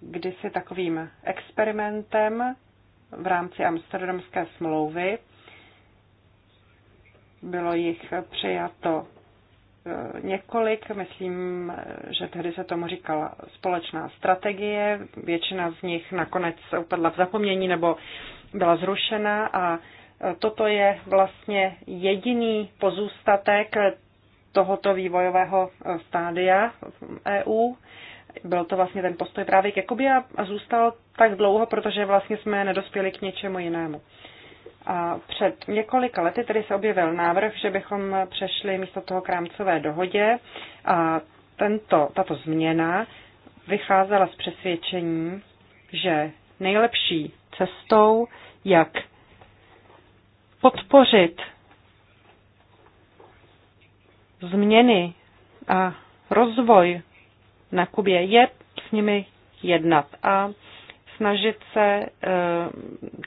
kdysi takovým experimentem v rámci Amsterdamské smlouvy. Bylo jich přijato e, několik, myslím, že tehdy se tomu říkala společná strategie, většina z nich nakonec upadla v zapomnění nebo byla zrušena a e, toto je vlastně jediný pozůstatek tohoto vývojového e, stádia EU byl to vlastně ten postoj právě k Jakubě a zůstal tak dlouho, protože vlastně jsme nedospěli k něčemu jinému. A před několika lety tedy se objevil návrh, že bychom přešli místo toho krámcové dohodě a tento, tato změna vycházela z přesvědčení, že nejlepší cestou, jak podpořit změny a rozvoj na Kubě je s nimi jednat a snažit se eh,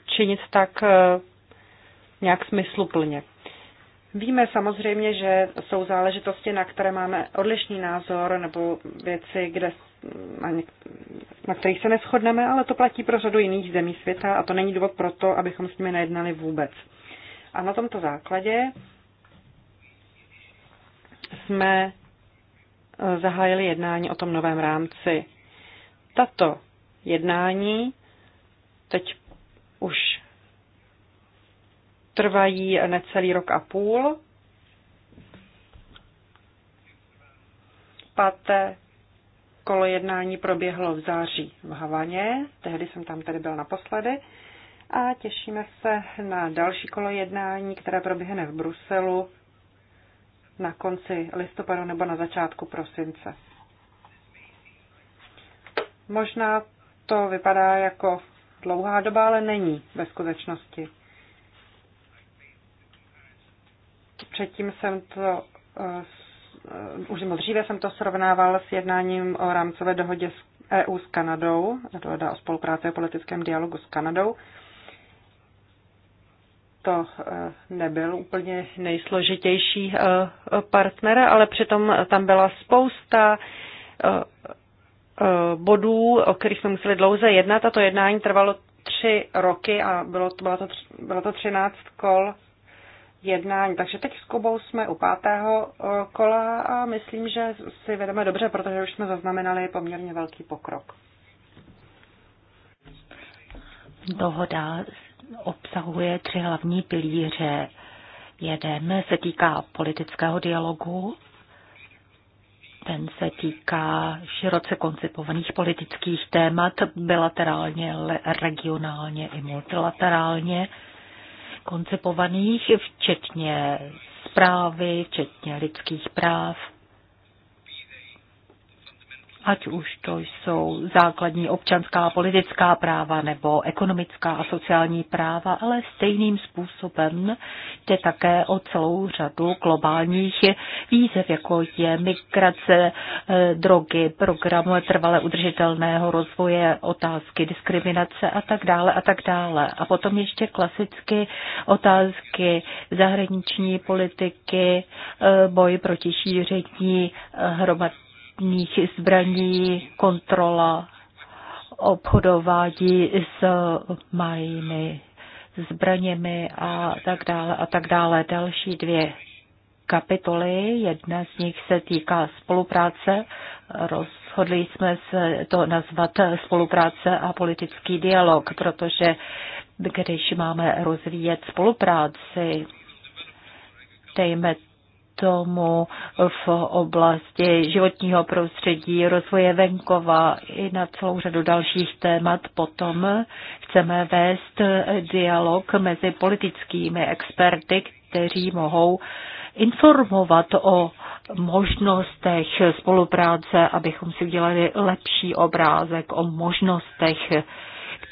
činit tak eh, nějak smysluplně. Víme samozřejmě, že jsou záležitosti, na které máme odlišný názor nebo věci, kde, na kterých se neschodneme, ale to platí pro řadu jiných zemí světa a to není důvod pro to, abychom s nimi nejednali vůbec. A na tomto základě jsme zahájili jednání o tom novém rámci. Tato jednání teď už trvají necelý rok a půl. Páté kolo jednání proběhlo v září v Havaně, tehdy jsem tam tedy byl naposledy a těšíme se na další kolo jednání, které proběhne v Bruselu na konci listopadu nebo na začátku prosince. Možná to vypadá jako dlouhá doba, ale není ve skutečnosti. Předtím jsem to, eh, eh, už dříve jsem to srovnával s jednáním o rámcové dohodě s EU s Kanadou, dohoda o spolupráci a politickém dialogu s Kanadou to eh, nebyl úplně nejsložitější eh, partner, ale přitom tam byla spousta eh, bodů, o kterých jsme museli dlouze jednat a to jednání trvalo tři roky a bylo, bylo, to, bylo to třináct kol jednání. Takže teď s Kubou jsme u pátého kola a myslím, že si vedeme dobře, protože už jsme zaznamenali poměrně velký pokrok. Dohoda obsahuje tři hlavní pilíře. Jeden se týká politického dialogu, ten se týká široce koncipovaných politických témat bilaterálně, regionálně i multilaterálně koncipovaných, včetně zprávy, včetně lidských práv, ať už to jsou základní občanská politická práva nebo ekonomická a sociální práva, ale stejným způsobem jde také o celou řadu globálních výzev, jako je migrace, eh, drogy, program trvale udržitelného rozvoje, otázky diskriminace a tak dále a tak dále. A potom ještě klasicky otázky zahraniční politiky, eh, boj proti šíření eh, hromad vlastních zbraní, kontrola obchodování s majiny, zbraněmi a tak dále a tak dále. Další dvě kapitoly, jedna z nich se týká spolupráce, rozhodli jsme se to nazvat spolupráce a politický dialog, protože když máme rozvíjet spolupráci, dejme tomu v oblasti životního prostředí, rozvoje venkova i na celou řadu dalších témat. Potom chceme vést dialog mezi politickými experty, kteří mohou informovat o možnostech spolupráce, abychom si udělali lepší obrázek o možnostech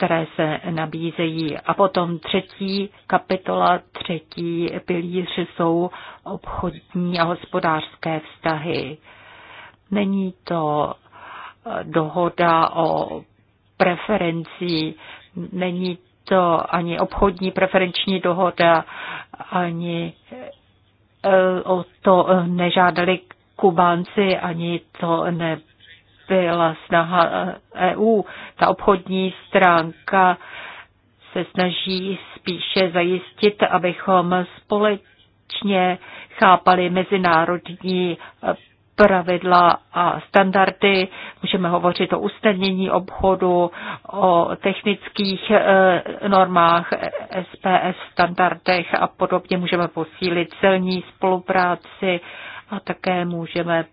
které se nabízejí. A potom třetí kapitola, třetí pilíř jsou obchodní a hospodářské vztahy. Není to dohoda o preferenci, není to ani obchodní preferenční dohoda, ani eh, o to eh, nežádali Kubánci, ani to ne byla snaha EU. Eh, e ta obchodní stránka se snaží spíše zajistit, abychom společně chápali mezinárodní eh, pravidla a standardy. Můžeme hovořit o usnadnění obchodu, o technických eh, normách, SPS standardech a podobně. Můžeme posílit celní spolupráci a také můžeme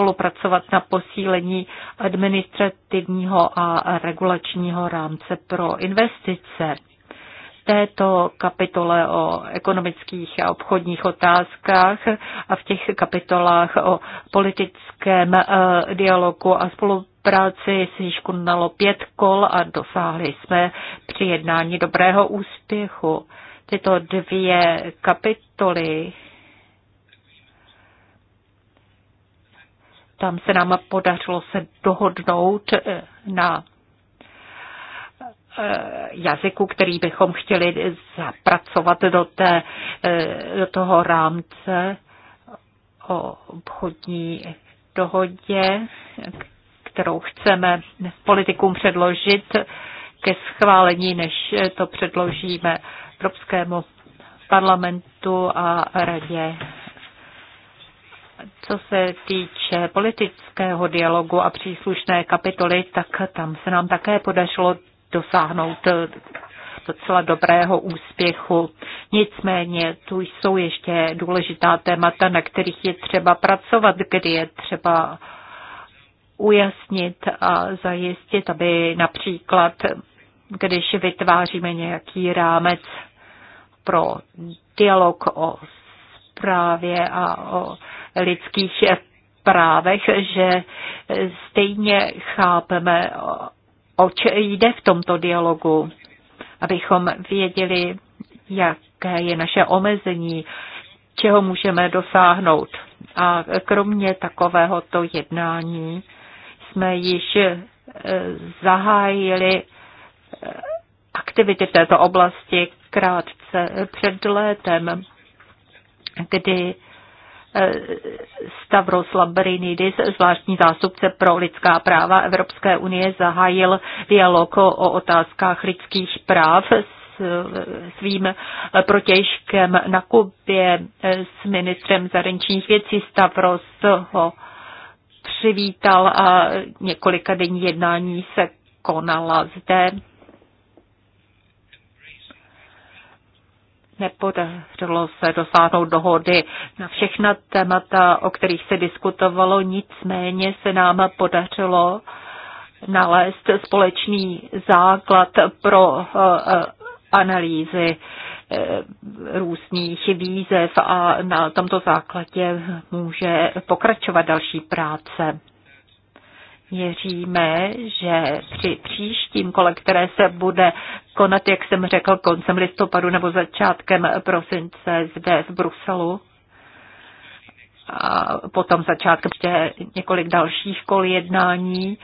spolupracovat na posílení administrativního a regulačního rámce pro investice. této kapitole o ekonomických a obchodních otázkách a v těch kapitolách o politickém eh, dialogu a spolupráci práci se již konalo pět kol a dosáhli jsme při jednání dobrého úspěchu. Tyto dvě kapitoly tam se nám podařilo se dohodnout eh, na eh, jazyku, který bychom chtěli zapracovat do, té, eh, do toho rámce o obchodní dohodě, kterou chceme politikům předložit ke schválení, než to předložíme Evropskému parlamentu a radě co se týče politického dialogu a příslušné kapitoly, tak tam se nám také podařilo dosáhnout docela dobrého úspěchu. Nicméně tu jsou ještě důležitá témata, na kterých je třeba pracovat, kdy je třeba ujasnit a zajistit, aby například, když vytváříme nějaký rámec pro dialog o právě a o lidských právech, že stejně chápeme, o oč jde v tomto dialogu, abychom věděli, jaké je naše omezení, čeho můžeme dosáhnout. A kromě takovéhoto jednání jsme již eh, zahájili eh, aktivity této oblasti krátce eh, před létem, kdy Eh, Stavros Labrinidis, zvláštní zástupce pro lidská práva Evropské unie, zahájil dialog o otázkách lidských práv s eh, svým protěžkem na Kubě eh, s ministrem zahraničních věcí Stavros ho přivítal a několika denní jednání se konala zde nepodařilo se dosáhnout dohody na všechna témata, o kterých se diskutovalo, nicméně se nám podařilo nalézt společný základ pro eh, eh, analýzy eh, různých výzev a na tomto základě může pokračovat další práce. Věříme, že při příštím kole, které se bude konat, jak jsem řekl, koncem listopadu nebo začátkem prosince zde z Bruselu, a potom začátkem ještě několik dalších kol jednání,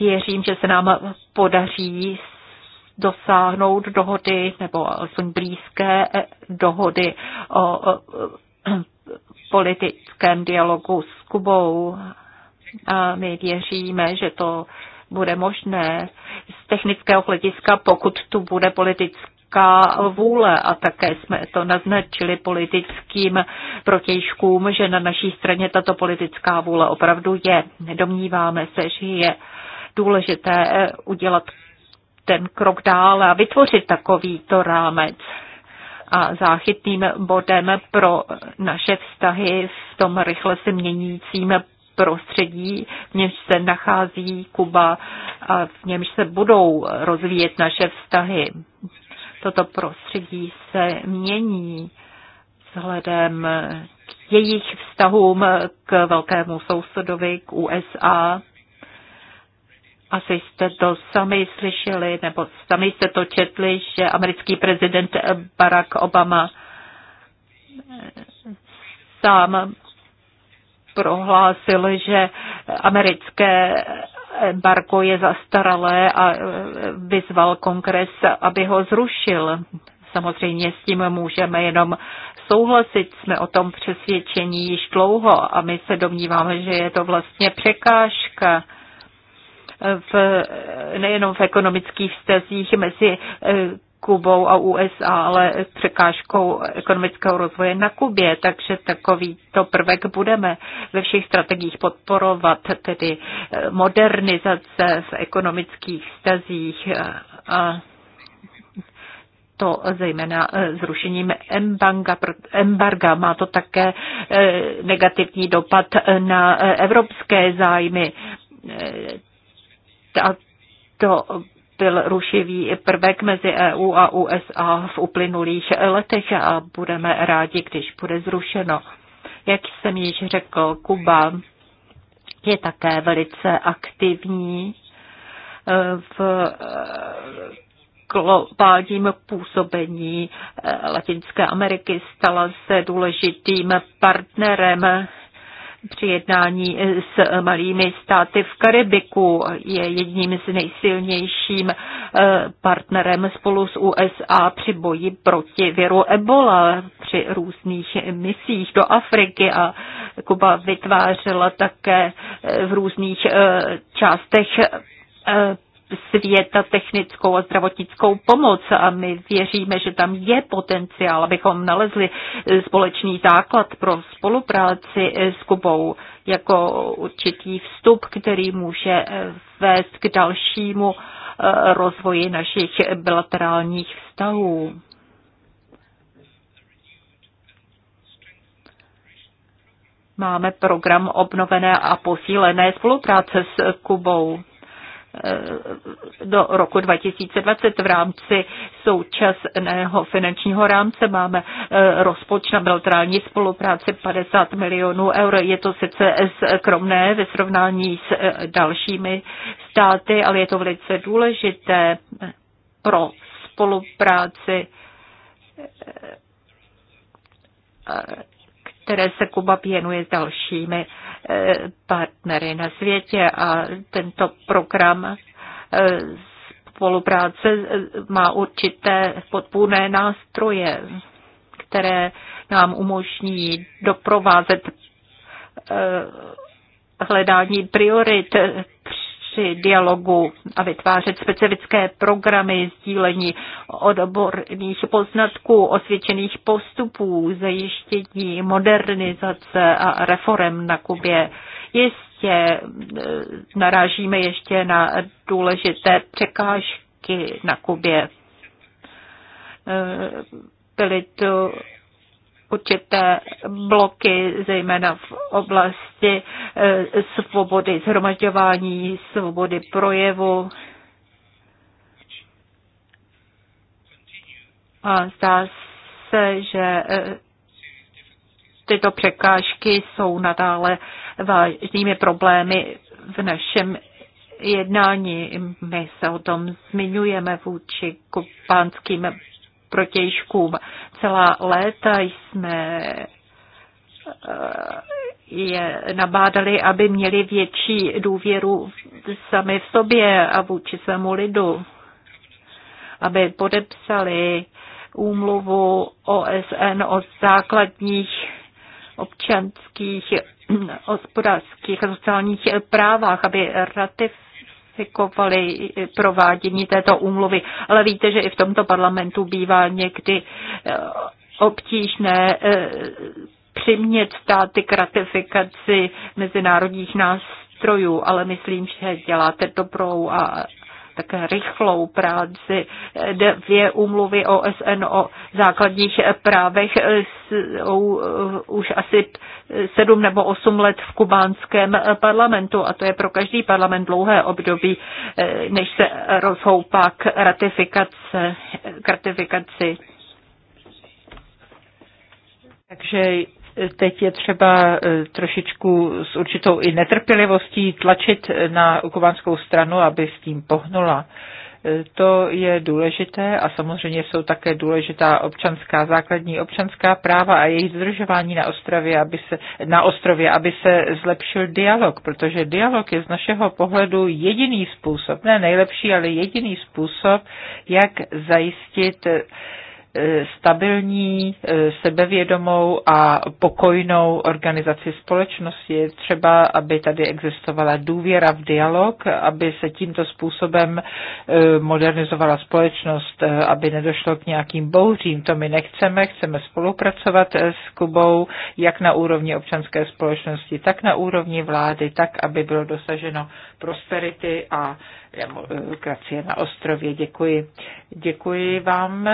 věřím, že se nám podaří dosáhnout dohody nebo alespoň blízké dohody o politickém dialogu s Kubou a my věříme, že to bude možné z technického hlediska, pokud tu bude politická vůle. A také jsme to naznačili politickým protějškům, že na naší straně tato politická vůle opravdu je. Domníváme se, že je důležité udělat ten krok dále a vytvořit takovýto rámec. A záchytným bodem pro naše vztahy v tom rychle se měnícím prostředí, v němž se nachází Kuba a v němž se budou rozvíjet naše vztahy. Toto prostředí se mění vzhledem k jejich vztahům k velkému sousedovi, k USA. Asi jste to sami slyšeli, nebo sami jste to četli, že americký prezident Barack Obama sám prohlásil, že americké embargo je zastaralé a e, vyzval kongres, aby ho zrušil. Samozřejmě s tím můžeme jenom souhlasit, jsme o tom přesvědčení již dlouho a my se domníváme, že je to vlastně překážka v, nejenom v ekonomických vztazích mezi e, Kubou a USA, ale překážkou ekonomického rozvoje na Kubě, takže takovýto prvek budeme ve všech strategiích podporovat, tedy eh, modernizace v ekonomických vztazích eh, a to zejména eh, zrušením embarga. Má to také negativní dopad na evropské zájmy. A to byl rušivý prvek mezi EU a USA v uplynulých letech a budeme rádi, když bude zrušeno. Jak jsem již řekl, Kuba je také velice aktivní eh, v eh, globálním působení eh, Latinské Ameriky stala se důležitým partnerem při jednání eh, s eh, malými státy v Karibiku. Je jedním z nejsilnějším eh, partnerem spolu s USA při boji proti viru Ebola při různých misích do Afriky a Kuba vytvářela také v různých částech světa technickou a zdravotnickou pomoc a my věříme, že tam je potenciál, abychom nalezli společný základ pro spolupráci s Kubou jako určitý vstup, který může vést k dalšímu eh, rozvoji našich bilaterálních vztahů. Máme program obnovené a posílené spolupráce s Kubou. Eh, do roku 2020 v rámci současného finančního rámce. Máme eh, rozpočet na bilaterální spolupráci 50 milionů eur. Je to sice skromné ve srovnání s eh, dalšími státy, ale je to velice důležité pro spolupráci které se Kuba věnuje s dalšími eh, partnery na světě a tento program eh, spolupráce eh, má určité podpůrné nástroje, které nám umožní doprovázet hledání priorit rámci dialogu a vytvářet specifické programy sdílení odborných poznatků, osvědčených postupů, zajištění modernizace a reform na Kubě. Jistě eh, narážíme ještě na důležité překážky na Kubě. Eh, byly to určité bloky, zejména v oblasti eh, svobody zhromažďování, svobody projevu. A zdá se, že eh, tyto překážky jsou nadále vážnými problémy v našem jednání. My se o tom zmiňujeme vůči kupánským protějškům. Celá léta jsme eh, je nabádali, aby měli větší důvěru sami v sobě a vůči svému lidu, aby podepsali úmluvu OSN o základních občanských, <clears throat> hospodářských a sociálních právách, aby ratifikovali ratifikovali provádění této úmluvy, ale víte, že i v tomto parlamentu bývá někdy eh, obtížné eh, přimět státy k ratifikaci mezinárodních nástrojů, ale myslím, že děláte dobrou a také rychlou práci. Dvě úmluvy OSN o základních právech jsou eh, už asi sedm nebo osm let v kubánském parlamentu a to je pro každý parlament dlouhé období, eh, než se rozhoupá k ratifikace, k ratifikaci. Takže teď je třeba e, trošičku s určitou i netrpělivostí tlačit na kubánskou stranu, aby s tím pohnula. E, to je důležité a samozřejmě jsou také důležitá občanská, základní občanská práva a jejich zdržování na ostrově, aby se, na ostrově, aby se zlepšil dialog, protože dialog je z našeho pohledu jediný způsob, ne nejlepší, ale jediný způsob, jak zajistit E, stabilní, e, sebevědomou a pokojnou organizaci společnosti. Je třeba, aby tady existovala důvěra v dialog, aby se tímto způsobem e, modernizovala společnost, aby nedošlo k nějakým bouřím. To my nechceme, chceme spolupracovat s Kubou, jak na úrovni občanské společnosti, tak na úrovni vlády, tak, aby bylo dosaženo prosperity a demokracie na ostrově. Děkuji. Děkuji vám.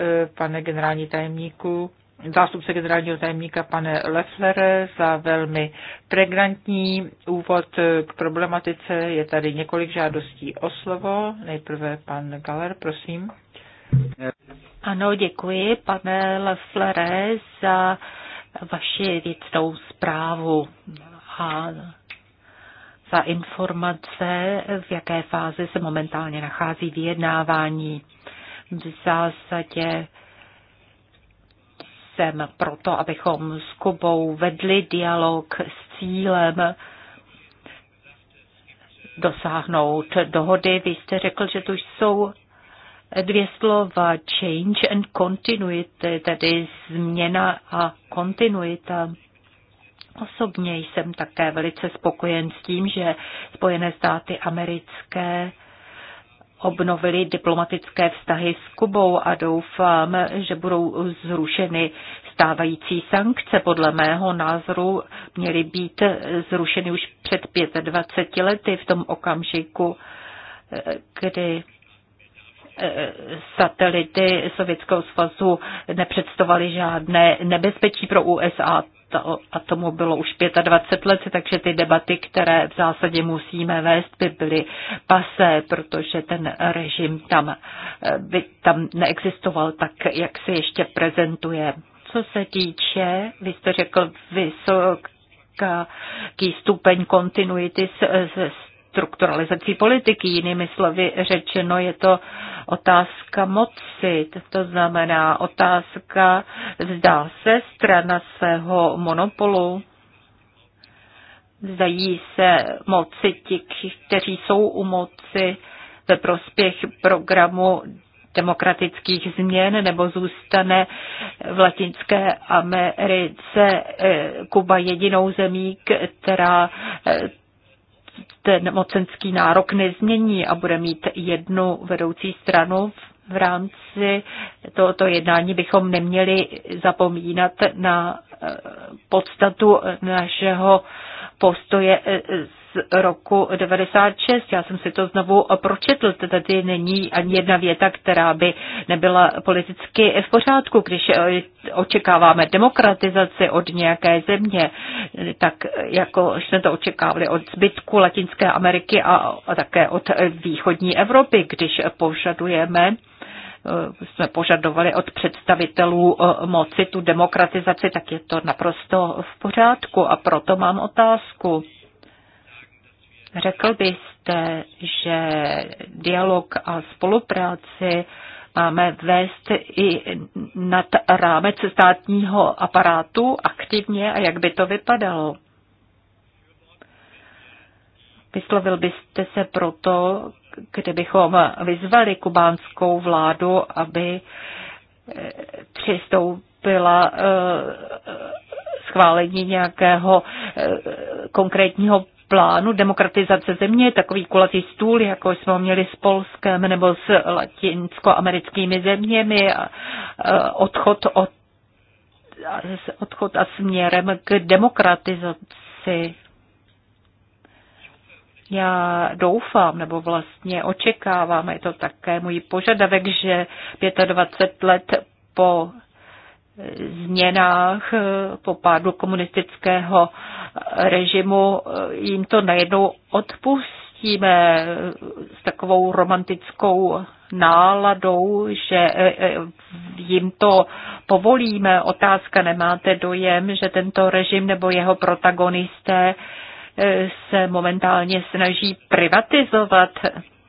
E, pane generální tajemníku, zástupce generálního tajemníka pane Lefflere za velmi pregnantní úvod k problematice. Je tady několik žádostí o slovo. Nejprve pan Galer, prosím. Ano, děkuji, pane Lefflere za vaši věcnou zprávu a za informace, v jaké fázi se momentálně nachází vyjednávání. V zásadě jsem proto, abychom s Kubou vedli dialog s cílem dosáhnout dohody. Vy jste řekl, že tu jsou dvě slova change and continuity, tedy změna a kontinuita. Osobně jsem také velice spokojen s tím, že Spojené státy americké obnovili diplomatické vztahy s Kubou a doufám, že budou zrušeny stávající sankce. Podle mého názoru měly být zrušeny už před 25 lety v tom okamžiku, kdy Satelity Sovětského svazu nepředstavovaly žádné nebezpečí pro USA. a tomu bylo už 25 let, takže ty debaty, které v zásadě musíme vést, by byly pasé, protože ten režim tam, eh, by tam neexistoval tak, jak se ještě prezentuje. Co se týče, vy jste řekl vysoký stupeň kontinuity s, s strukturalizací politiky. Jinými slovy řečeno, je to otázka moci, to znamená otázka, vzdá se strana svého monopolu, zdají se moci ti, kteří jsou u moci ve prospěch programu demokratických změn nebo zůstane v Latinské Americe Kuba jedinou zemí, která ten mocenský nárok nezmění a bude mít jednu vedoucí stranu v rámci tohoto jednání bychom neměli zapomínat na eh, podstatu našeho postoje eh, z roku 96. Já jsem si to znovu pročetl. Tady není ani jedna věta, která by nebyla politicky v pořádku. Když očekáváme demokratizaci od nějaké země, tak jako jsme to očekávali od zbytku Latinské Ameriky a také od východní Evropy, když požadujeme eh, jsme požadovali od představitelů eh, moci tu demokratizaci, tak je to naprosto v pořádku. A proto mám otázku. Řekl byste, že dialog a spolupráci máme vést i nad rámec státního aparátu aktivně a jak by to vypadalo? Vyslovil byste se proto, kdybychom vyzvali kubánskou vládu, aby eh, přistoupila eh, schválení nějakého eh, konkrétního plánu demokratizace země takový kulatý stůl, jako jsme měli s Polskem nebo s latinskoamerickými zeměmi a odchod od odchod a směrem k demokratizaci. Já doufám, nebo vlastně očekávám, je to také můj požadavek, že 25 let po změnách eh, po pádu komunistického režimu eh, jim to najednou odpustíme s takovou romantickou náladou, že eh, jim to povolíme. Otázka, nemáte dojem, že tento režim nebo jeho protagonisté se momentálně snaží privatizovat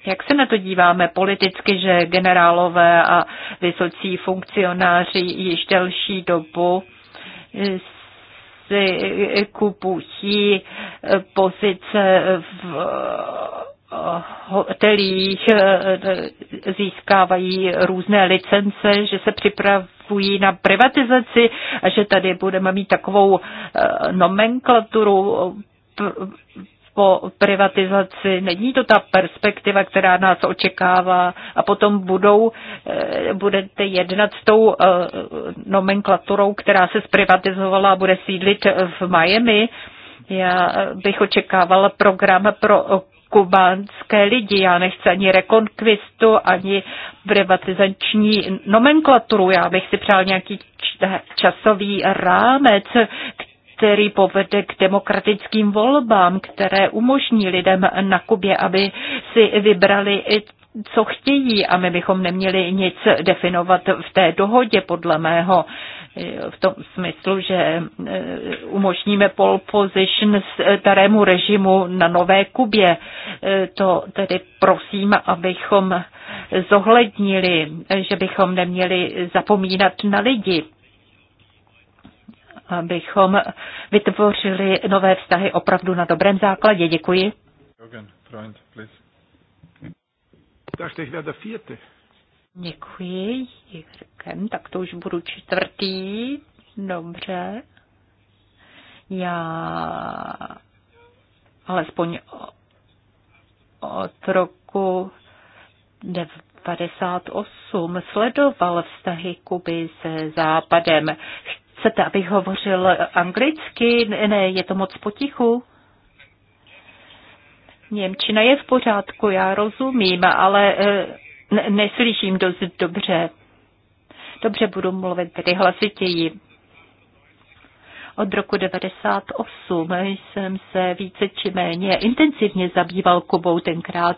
jak se na to díváme politicky, že generálové a vysocí funkcionáři již delší dobu si kupují pozice v hotelích, získávají různé licence, že se připravují na privatizaci a že tady budeme mít takovou nomenklaturu po privatizaci. Není to ta perspektiva, která nás očekává a potom budou, eh, budete jednat s tou eh, nomenklaturou, která se zprivatizovala a bude sídlit v Miami. Já bych očekával program pro kubánské lidi. Já nechci ani rekonkvistu, ani privatizační nomenklaturu. Já bych si přál nějaký časový rámec, který povede k demokratickým volbám, které umožní lidem na Kubě, aby si vybrali co chtějí a my bychom neměli nic definovat v té dohodě podle mého v tom smyslu, že e, umožníme pole position starému režimu na Nové Kubě. E, to tedy prosím, abychom zohlednili, e, že bychom neměli zapomínat na lidi abychom vytvořili nové vztahy opravdu na dobrém základě. Děkuji. Děkuji, Jirkem. Tak to už budu čtvrtý. Dobře. Já alespoň od roku 98 sledoval vztahy Kuby se Západem. Chcete, abych hovořil anglicky? Ne, je to moc potichu. Němčina je v pořádku, já rozumím, ale eh, ne neslyším dost dobře. Dobře, budu mluvit tedy hlasitěji. Od roku 98 jsem se více či méně intenzivně zabýval Kubou. Tenkrát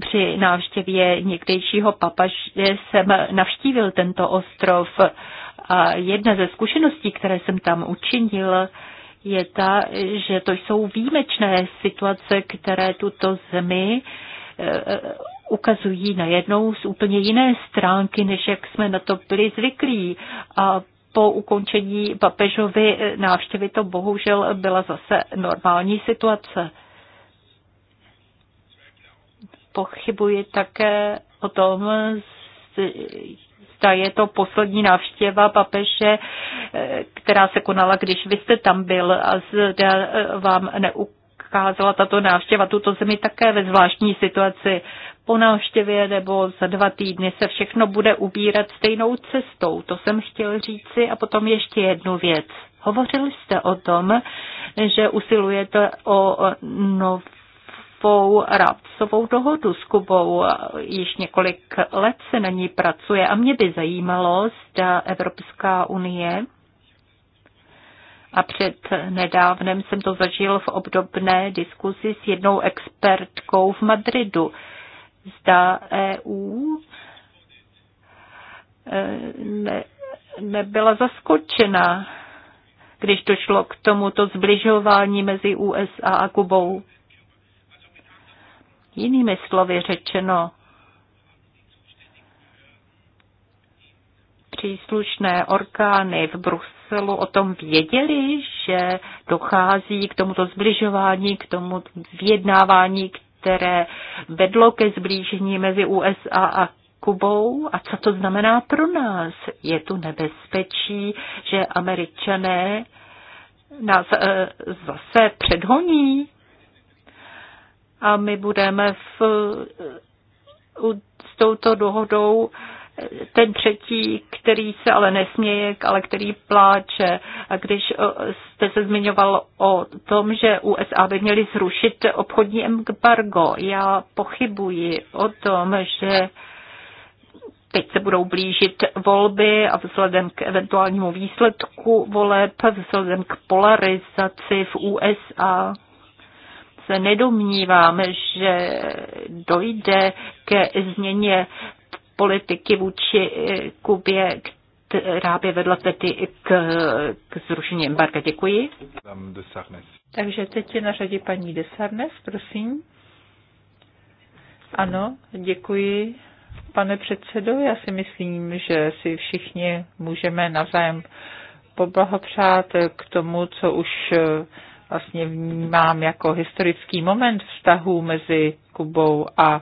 při návštěvě někdejšího papaže jsem navštívil tento ostrov a jedna ze zkušeností, které jsem tam učinil, je ta, že to jsou výjimečné situace, které tuto zemi e, e, ukazují najednou z úplně jiné stránky, než jak jsme na to byli zvyklí. A po ukončení papežovy e, návštěvy to bohužel byla zase normální situace. Pochybuji také o tom, ta je to poslední návštěva papeže, eh, která se konala, když vy jste tam byl a zda eh, vám neukázala tato návštěva tuto zemi také ve zvláštní situaci. Po návštěvě nebo za dva týdny se všechno bude ubírat stejnou cestou. To jsem chtěl říci a potom ještě jednu věc. Hovořili jste o tom, že usilujete o nov novou rámcovou dohodu s Kubou. Již několik let se na ní pracuje a mě by zajímalo, zda Evropská unie a před nedávnem jsem to zažil v obdobné diskuzi s jednou expertkou v Madridu. Zda EU e, ne, nebyla zaskočena, když došlo k tomuto zbližování mezi USA a Kubou. Jinými slovy řečeno, příslušné orgány v Bruselu o tom věděli, že dochází k tomuto zbližování, k tomu vyjednávání, které vedlo ke zblížení mezi USA a Kubou a co to znamená pro nás. Je tu nebezpečí, že američané nás e, zase předhoní a my budeme v, s touto dohodou ten třetí, který se ale nesměje, ale který pláče. A když jste se zmiňoval o tom, že USA by měly zrušit obchodní embargo, já pochybuji o tom, že teď se budou blížit volby a vzhledem k eventuálnímu výsledku voleb, vzhledem k polarizaci v USA, se nedomnívám, že dojde ke změně politiky vůči eh, Kubě, která by vedla tedy k, k zrušení embarka. Děkuji. Takže teď je na řadě paní Desarnes, prosím. Ano, děkuji. Pane předsedo, já si myslím, že si všichni můžeme navzájem poblahopřát k tomu, co už eh, vlastně vnímám jako historický moment vztahu mezi Kubou a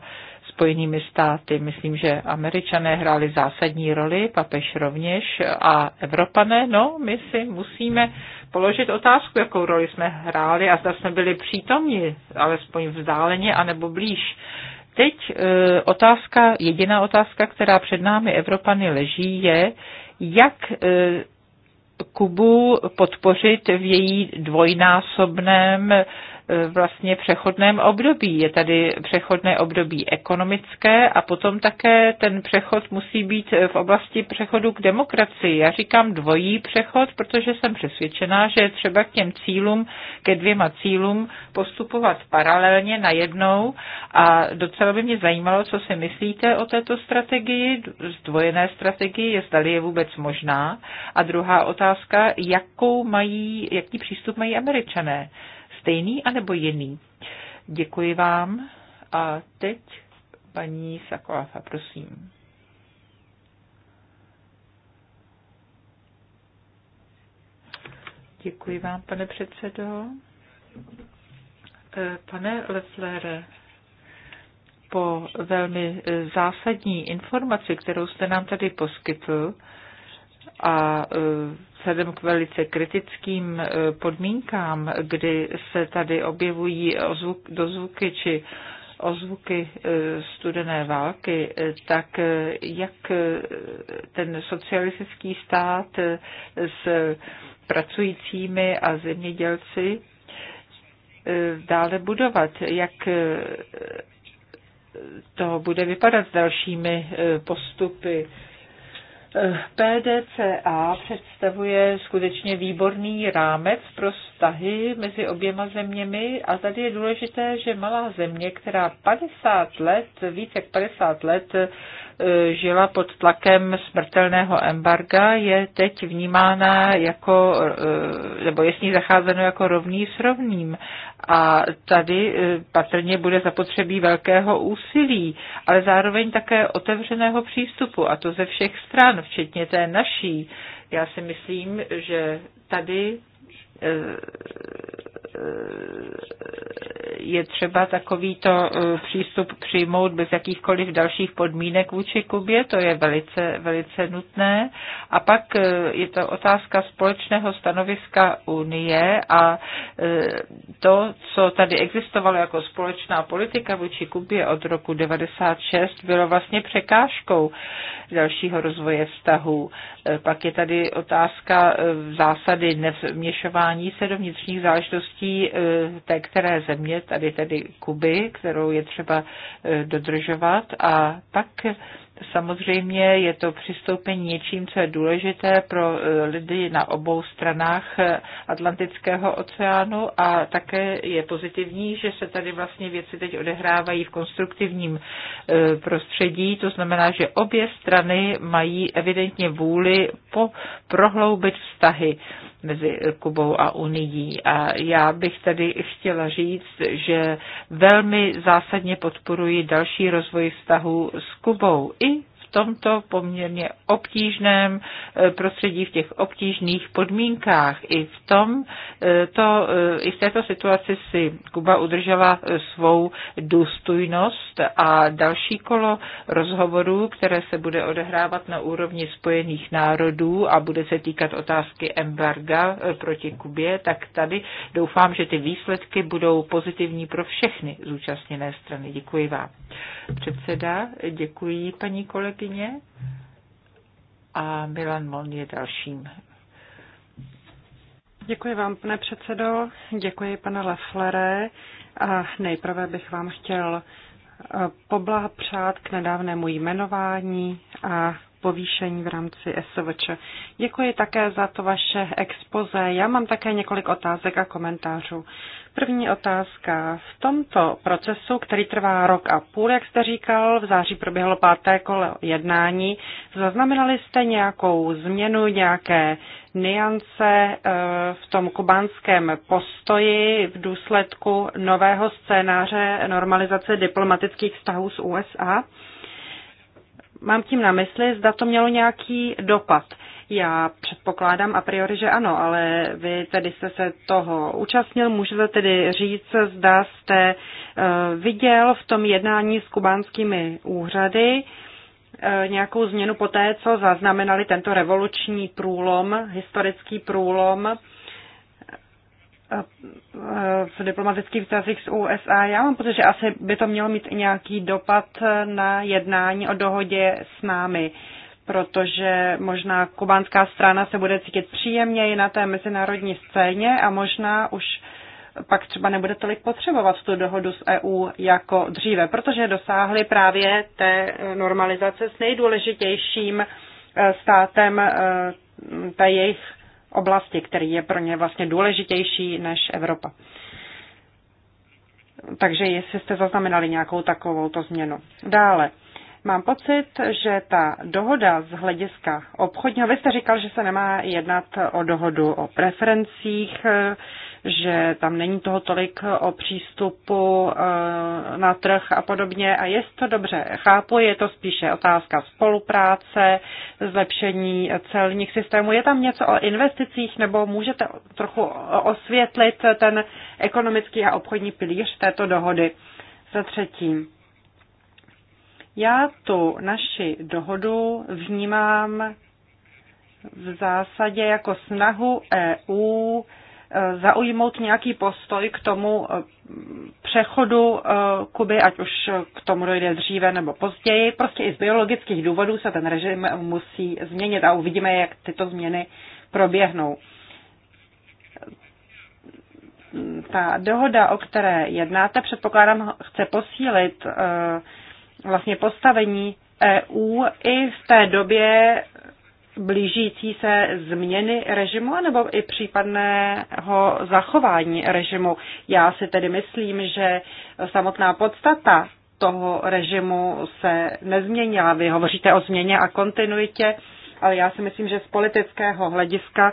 Spojenými státy. Myslím, že američané hráli zásadní roli, papež rovněž a Evropané. No, my si musíme položit otázku, jakou roli jsme hráli a zda jsme byli přítomni, alespoň vzdáleně, anebo blíž. Teď e, otázka, jediná otázka, která před námi Evropany leží, je, jak e, Kubu podpořit v její dvojnásobném vlastně přechodném období. Je tady přechodné období ekonomické a potom také ten přechod musí být v oblasti přechodu k demokracii. Já říkám dvojí přechod, protože jsem přesvědčená, že je třeba k těm cílům, ke dvěma cílům postupovat paralelně na jednou a docela by mě zajímalo, co si myslíte o této strategii, zdvojené strategii, jestli je vůbec možná. A druhá otázka, jakou mají, jaký přístup mají američané stejný anebo jiný? Děkuji vám. A teď paní Sakoafa, prosím. Děkuji vám, pane předsedo. E, pane Leflere, po velmi e, zásadní informaci, kterou jste nám tady poskytl, a e, vzhledem k velice kritickým e, podmínkám, kdy se tady objevují ozvuk, dozvuky či ozvuky e, studené války, tak jak ten socialistický stát s pracujícími a zemědělci dále budovat, jak to bude vypadat s dalšími postupy PDCA představuje skutečně výborný rámec pro vztahy mezi oběma zeměmi a tady je důležité, že malá země, která 50 let, více jak 50 let žila pod tlakem smrtelného embarga, je teď vnímána jako, eh, nebo je s ní zacházeno jako rovný s rovným. A tady eh, patrně bude zapotřebí velkého úsilí, ale zároveň také otevřeného přístupu, a to ze všech stran, včetně té naší. Já si myslím, že tady je třeba takovýto eh, přístup přijmout bez jakýchkoliv dalších podmínek vůči Kubě, to je velice, velice nutné. A pak eh, je to otázka společného stanoviska Unie a eh, to, co tady existovalo jako společná politika vůči Kubě od roku 96, bylo vlastně překážkou dalšího rozvoje vztahů. Pak je tady otázka zásady nevměšování vměšování se do vnitřních záležitostí e, té které země, tady tedy Kuby, kterou je třeba e, dodržovat a pak Samozřejmě je to přistoupení něčím, co je důležité pro eh, lidi na obou stranách eh, Atlantického oceánu a také je pozitivní, že se tady vlastně věci teď odehrávají v konstruktivním eh, prostředí. To znamená, že obě strany mají evidentně vůli po prohloubit vztahy mezi Kubou a Unií. A já bych tady chtěla říct, že velmi zásadně podporuji další rozvoj vztahu s Kubou i v tomto poměrně obtížném eh, prostředí, v těch obtížných podmínkách. I v, tom, eh, to, eh, i v této situaci si Kuba udržela svou důstojnost a další kolo rozhovorů, které se bude odehrávat na úrovni Spojených národů a bude se týkat otázky embarga proti Kubě, tak tady doufám, že ty výsledky budou pozitivní pro všechny zúčastněné strany. Děkuji vám. Předseda, děkuji paní kolegy předsedkyně. A Milan Mon je dalším. Děkuji vám, pane předsedo, děkuji pane Leflere. A nejprve bych vám chtěl eh, poblahopřát k nedávnému jmenování a povýšení v rámci SVČ. Děkuji také za to vaše expoze. Já mám také několik otázek a komentářů. První otázka. V tomto procesu, který trvá rok a půl, jak jste říkal, v září proběhlo páté kolo jednání, zaznamenali jste nějakou změnu, nějaké niance eh, v tom kubánském postoji v důsledku nového scénáře normalizace diplomatických vztahů s USA? Mám tím na mysli, zda to mělo nějaký dopad. Já předpokládám a priori, že ano, ale vy tedy jste se toho účastnil, můžete tedy říct, zda jste eh, viděl v tom jednání s kubánskými úřady eh, nějakou změnu po té, co zaznamenali tento revoluční průlom, historický průlom v diplomatických vztazích s USA. Já mám pocit, že asi by to mělo mít nějaký dopad na jednání o dohodě s námi, protože možná kubánská strana se bude cítit příjemněji na té mezinárodní scéně a možná už pak třeba nebude tolik potřebovat tu dohodu s EU jako dříve, protože dosáhli právě té normalizace s nejdůležitějším e, státem e, té jejich oblasti, který je pro ně vlastně důležitější než Evropa. Takže jestli jste zaznamenali nějakou takovou to změnu. Dále. Mám pocit, že ta dohoda z hlediska obchodního, vy jste říkal, že se nemá jednat o dohodu o preferencích, že tam není toho tolik o přístupu eh, na trh a podobně. A je to dobře, chápu, je to spíše otázka spolupráce, zlepšení celních systémů. Je tam něco o investicích nebo můžete trochu osvětlit ten ekonomický a obchodní pilíř této dohody? Za třetím. Já tu naši dohodu vnímám v zásadě jako snahu EU zaujmout nějaký postoj k tomu eh, přechodu eh, Kuby, ať už k tomu dojde dříve nebo později. Prostě i z biologických důvodů se ten režim musí změnit a uvidíme, jak tyto změny proběhnou. Ta dohoda, o které jednáte, předpokládám, chce posílit eh, vlastně postavení EU i v té době, blížící se změny režimu nebo i případného zachování režimu. Já si tedy myslím, že samotná podstata toho režimu se nezměnila. Vy hovoříte o změně a kontinuitě, ale já si myslím, že z politického hlediska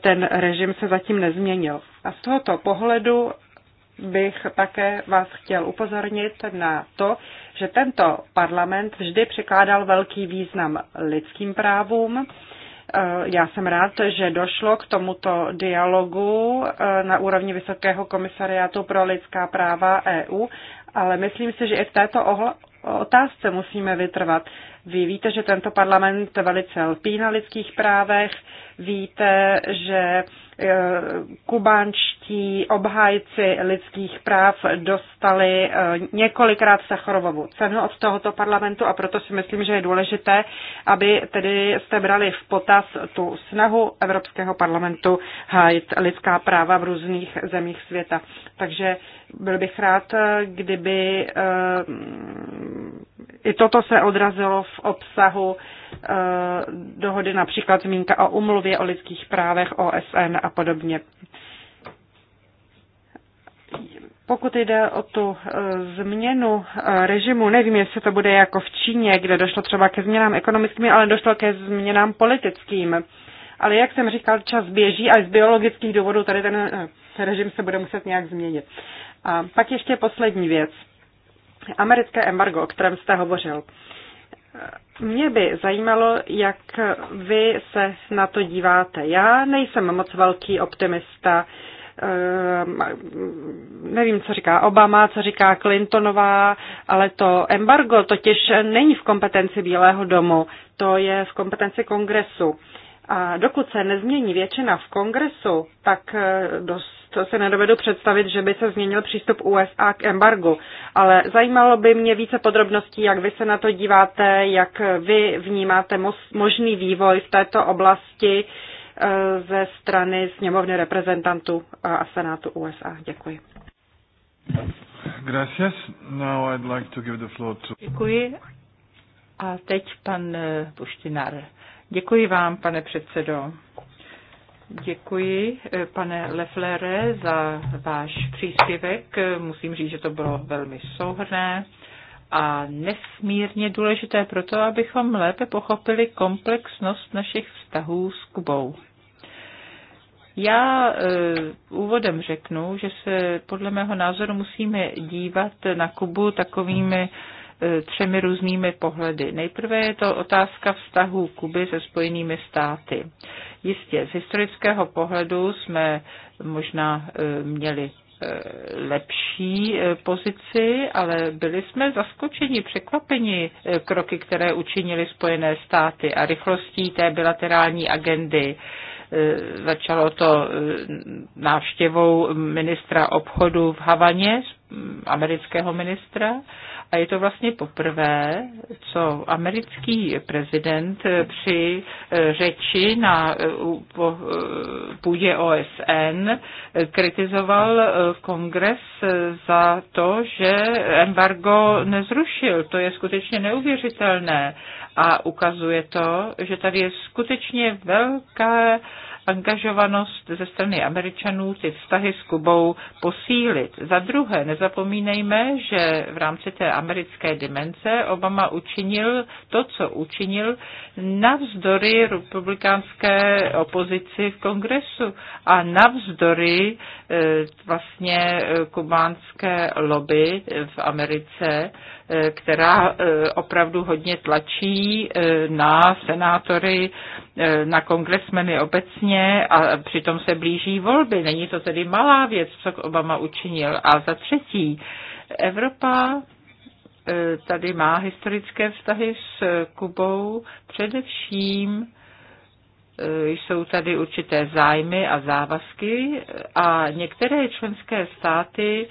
ten režim se zatím nezměnil. A z tohoto pohledu bych také vás chtěl upozornit na to, že tento parlament vždy přikládal velký význam lidským právům. E, já jsem rád, že došlo k tomuto dialogu e, na úrovni Vysokého komisariátu pro lidská práva EU, ale myslím si, že i v této otázce musíme vytrvat. Vy víte, že tento parlament velice lpí na lidských právech, víte, že Eh, kubánští obhájci lidských práv dostali eh, několikrát Sachorovovu cenu od tohoto parlamentu a proto si myslím, že je důležité, aby tedy jste brali v potaz tu snahu Evropského parlamentu hájit lidská práva v různých zemích světa. Takže byl bych rád, kdyby eh, i toto se odrazilo v obsahu eh, dohody, například zmínka o umluvě o lidských právech OSN a podobně. Pokud jde o tu eh, změnu režimu, nevím, jestli to bude jako v Číně, kde došlo třeba ke změnám ekonomickým, ale došlo ke změnám politickým. Ale jak jsem říkal, čas běží a z biologických důvodů tady ten režim se bude muset nějak změnit. A pak ještě poslední věc. Americké embargo, o kterém jste hovořil. Mě by zajímalo, jak vy se na to díváte. Já nejsem moc velký optimista. Ehm, nevím, co říká Obama, co říká Clintonová, ale to embargo totiž není v kompetenci Bílého domu, to je v kompetenci kongresu. A dokud se nezmění většina v kongresu, tak eh, dost se nedovedu představit, že by se změnil přístup USA k embargu. Ale zajímalo by mě více podrobností, jak vy se na to díváte, jak vy vnímáte možný vývoj v této oblasti eh, ze strany sněmovny reprezentantů a senátu USA. Děkuji. Děkuji. A teď pan Buštinár. Eh, Děkuji vám, pane předsedo. Děkuji, eh, pane Leflere, za váš příspěvek. Musím říct, že to bylo velmi souhrné a nesmírně důležité pro to, abychom lépe pochopili komplexnost našich vztahů s Kubou. Já e, úvodem řeknu, že se podle mého názoru musíme dívat na Kubu takovými e, E, třemi různými pohledy. Nejprve je to otázka vztahu Kuby se Spojenými státy. Jistě, z historického pohledu jsme možná e, měli e, lepší pozici, ale byli jsme zaskočeni, překvapeni kroky, které učinili Spojené státy a rychlostí té bilaterální agendy. Začalo to návštěvou ministra obchodu v Havaně amerického ministra a je to vlastně poprvé, co americký prezident při eh, řeči na eh, eh, půdě OSN kritizoval kongres za to, že embargo nezrušil. To je skutečně neuvěřitelné a ukazuje to, že tady je skutečně velká angažovanost ze strany Američanů ty vztahy s Kubou posílit. Za druhé, nezapomínejme, že v rámci té americké dimenze Obama učinil to, co učinil navzdory republikánské opozici v kongresu a navzdory e, vlastně e, kubánské lobby v Americe, Eh, která eh, opravdu hodně tlačí eh, na senátory, na kongresmeny obecně a přitom se blíží volby. Není to tedy malá věc, co Obama učinil. A za třetí, Evropa tady má historické vztahy s Kubou především jsou tady určité zájmy a závazky a některé členské státy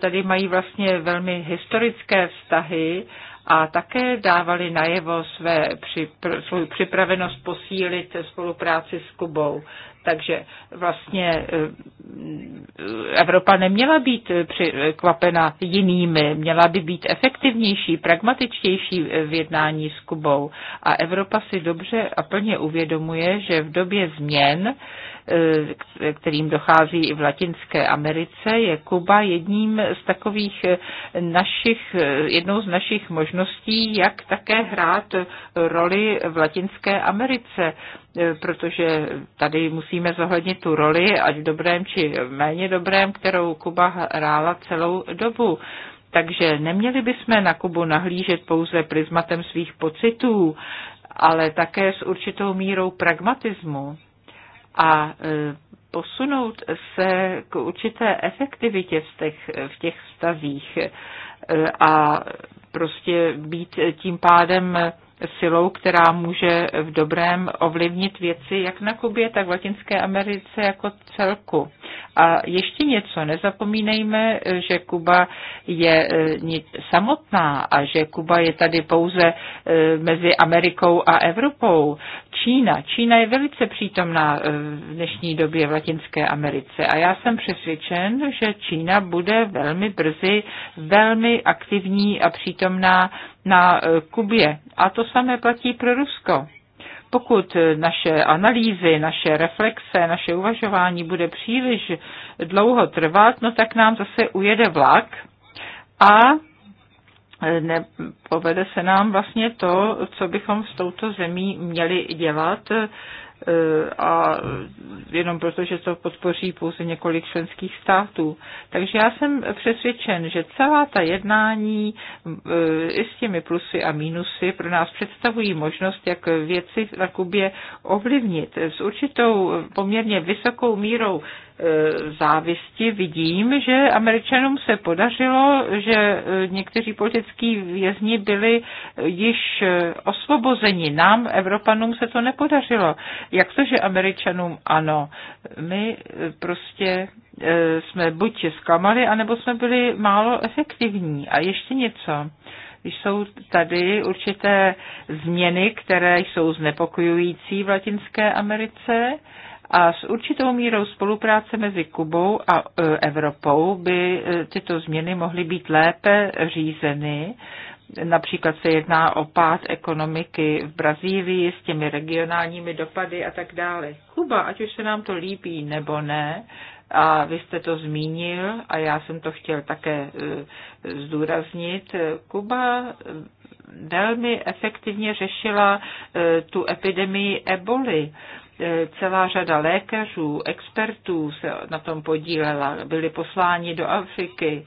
tady mají vlastně velmi historické vztahy a také dávali najevo své připr- svou připravenost posílit spolupráci s Kubou. Takže vlastně eh, Evropa neměla být překvapena jinými, měla by být efektivnější, pragmatičtější v jednání s Kubou. A Evropa si dobře a plně uvědomuje, že v době změn Eh, kterým dochází i v Latinské Americe, je Kuba jedním z takových eh, našich, eh, jednou z našich možností, jak také hrát roli v Latinské Americe, protože tady musíme zohlednit tu roli, ať v dobrém či méně dobrém, kterou Kuba hrála celou dobu. Takže neměli bychom na Kubu nahlížet pouze prismatem svých pocitů, ale také s určitou mírou pragmatismu a e, posunout se k určité efektivitě v těch, v těch vztazích e, a prostě být tím pádem silou, která může v dobrém ovlivnit věci jak na Kubě, tak v Latinské Americe jako celku. A ještě něco, nezapomínejme, že Kuba je e, samotná a že Kuba je tady pouze e, mezi Amerikou a Evropou. Čína. Čína je velice přítomná e, v dnešní době v Latinské Americe a já jsem přesvědčen, že Čína bude velmi brzy velmi aktivní a přítomná na eh, Kubě. A to samé platí pro Rusko. Pokud eh, naše analýzy, naše reflexe, naše uvažování bude příliš dlouho trvat, no tak nám zase ujede vlak a eh, nepovede se nám vlastně to, co bychom s touto zemí měli dělat Eh, a jenom proto, že to podpoří pouze několik členských států. Takže já jsem přesvědčen, že celá ta jednání eh, i s těmi plusy a mínusy pro nás představují možnost, jak věci na Kubě ovlivnit s určitou poměrně vysokou mírou závisti vidím, že američanům se podařilo, že někteří politický vězni byli již osvobozeni. Nám, Evropanům, se to nepodařilo. Jak to, že američanům ano? My prostě e, jsme buď zklamali, anebo jsme byli málo efektivní. A ještě něco jsou tady určité změny, které jsou znepokojující v Latinské Americe. A s určitou mírou spolupráce mezi Kubou a e, Evropou by e, tyto změny mohly být lépe řízeny. Například se jedná o pád ekonomiky v Brazílii s těmi regionálními dopady a tak dále. Kuba, ať už se nám to líbí nebo ne, a vy jste to zmínil a já jsem to chtěl také e, zdůraznit, Kuba velmi efektivně řešila tu epidemii eboli Celá řada lékařů, expertů se na tom podílela, byli posláni do Afriky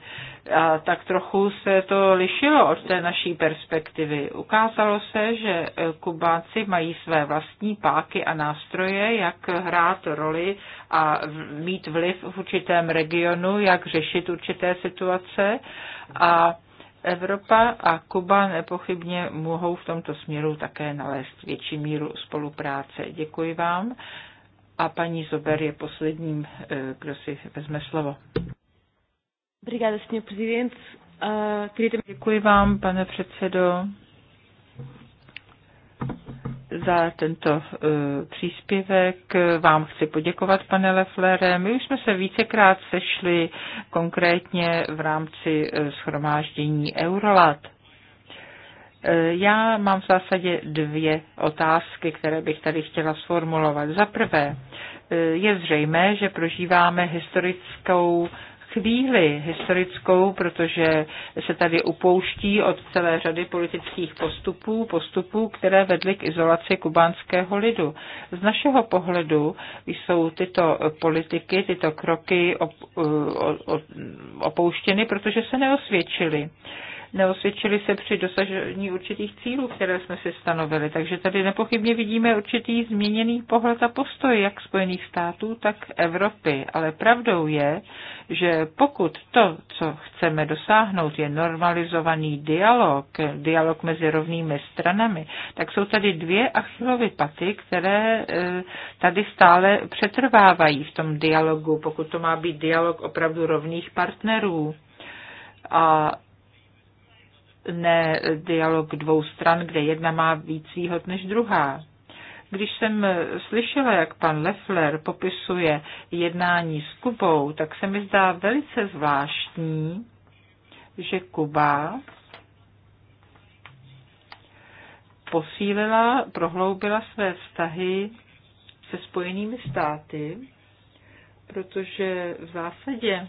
a tak trochu se to lišilo od té naší perspektivy. Ukázalo se, že Kubáci mají své vlastní páky a nástroje, jak hrát roli a mít vliv v určitém regionu, jak řešit určité situace a Evropa a Kuba nepochybně mohou v tomto směru také nalézt větší míru spolupráce. Děkuji vám. A paní Zober je posledním, eh, kdo si vezme slovo. Ah, Děkuji vám, pane předsedo za tento e, příspěvek. Vám chci poděkovat, pane Leflere. My už jsme se vícekrát sešli konkrétně v rámci e, schromáždění Eurolat. E, já mám v zásadě dvě otázky, které bych tady chtěla sformulovat. Za prvé, je zřejmé, že prožíváme historickou chvíli historickou, protože se tady upouští od celé řady politických postupů, postupů, které vedly k izolaci kubánského lidu. Z našeho pohledu jsou tyto politiky, tyto kroky opouštěny, protože se neosvědčily neosvědčili se při dosažení určitých cílů, které jsme si stanovili. Takže tady nepochybně vidíme určitý změněný pohled a postoj jak Spojených států, tak Evropy. Ale pravdou je, že pokud to, co chceme dosáhnout, je normalizovaný dialog, dialog mezi rovnými stranami, tak jsou tady dvě achilovy paty, které eh, tady stále přetrvávají v tom dialogu, pokud to má být dialog opravdu rovných partnerů. A ne dialog dvou stran, kde jedna má víc výhod než druhá. Když jsem slyšela, jak pan Leffler popisuje jednání s Kubou, tak se mi zdá velice zvláštní, že Kuba posílila, prohloubila své vztahy se spojenými státy, protože v zásadě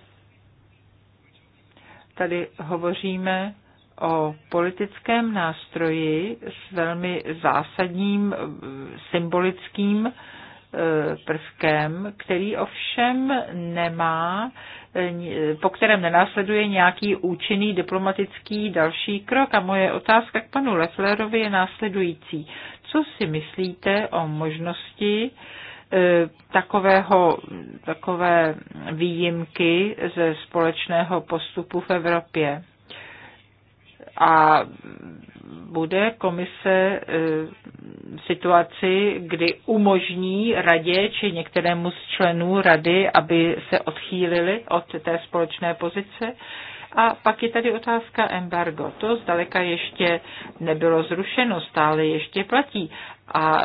tady hovoříme o politickém nástroji s velmi zásadním eh, symbolickým eh, prvkem, který ovšem nemá, eh, po kterém nenásleduje nějaký účinný diplomatický další krok. A moje otázka k panu Lefflerovi je následující. Co si myslíte o možnosti takového, takové výjimky ze společného postupu v Evropě? a bude komise e, v situaci, kdy umožní radě či některému z členů rady, aby se odchýlili od té společné pozice. A pak je tady otázka embargo. To zdaleka ještě nebylo zrušeno, stále ještě platí. A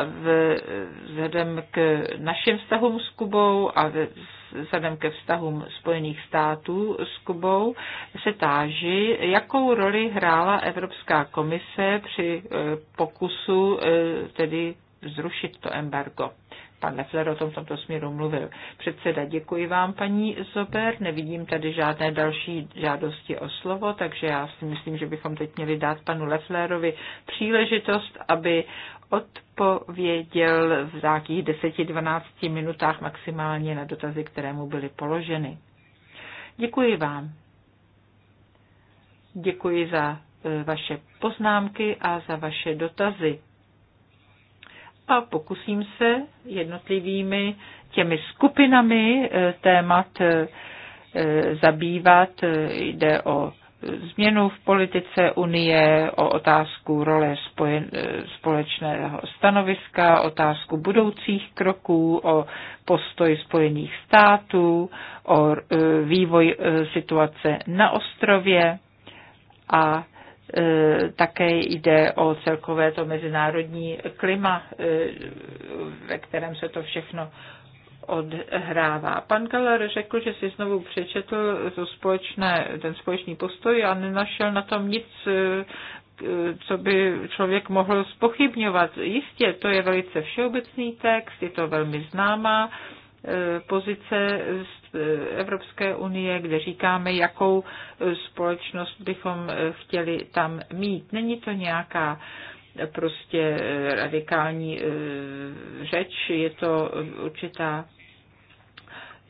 vzhledem k našim vztahům s Kubou a vzhledem ke vztahům Spojených států s Kubou se táží, jakou roli hrála Evropská komise při eh, pokusu eh, tedy zrušit to embargo. Pan Lefler o tom v tomto směru mluvil. Předseda, děkuji vám, paní Zober. Nevidím tady žádné další žádosti o slovo, takže já si myslím, že bychom teď měli dát panu Leflerovi příležitost, aby odpověděl v nějakých 10-12 minutách maximálně na dotazy, které mu byly položeny. Děkuji vám. Děkuji za e, vaše poznámky a za vaše dotazy. A pokusím se jednotlivými těmi skupinami e, témat e, zabývat. Jde o změnu v politice Unie, o otázku role spojen, společného stanoviska, otázku budoucích kroků, o postoj Spojených států, o e, vývoj e, situace na ostrově a e, také jde o celkové to mezinárodní klima, ve kterém se to všechno odhrává. Pan Keller řekl, že si znovu přečetl to společné, ten společný postoj a nenašel na tom nic eh, co by člověk mohl spochybňovat. Jistě, to je velice všeobecný text, je to velmi známá eh, pozice z eh, Evropské unie, kde říkáme, jakou společnost bychom chtěli tam mít. Není to nějaká prostě radikální řeč, je to určitá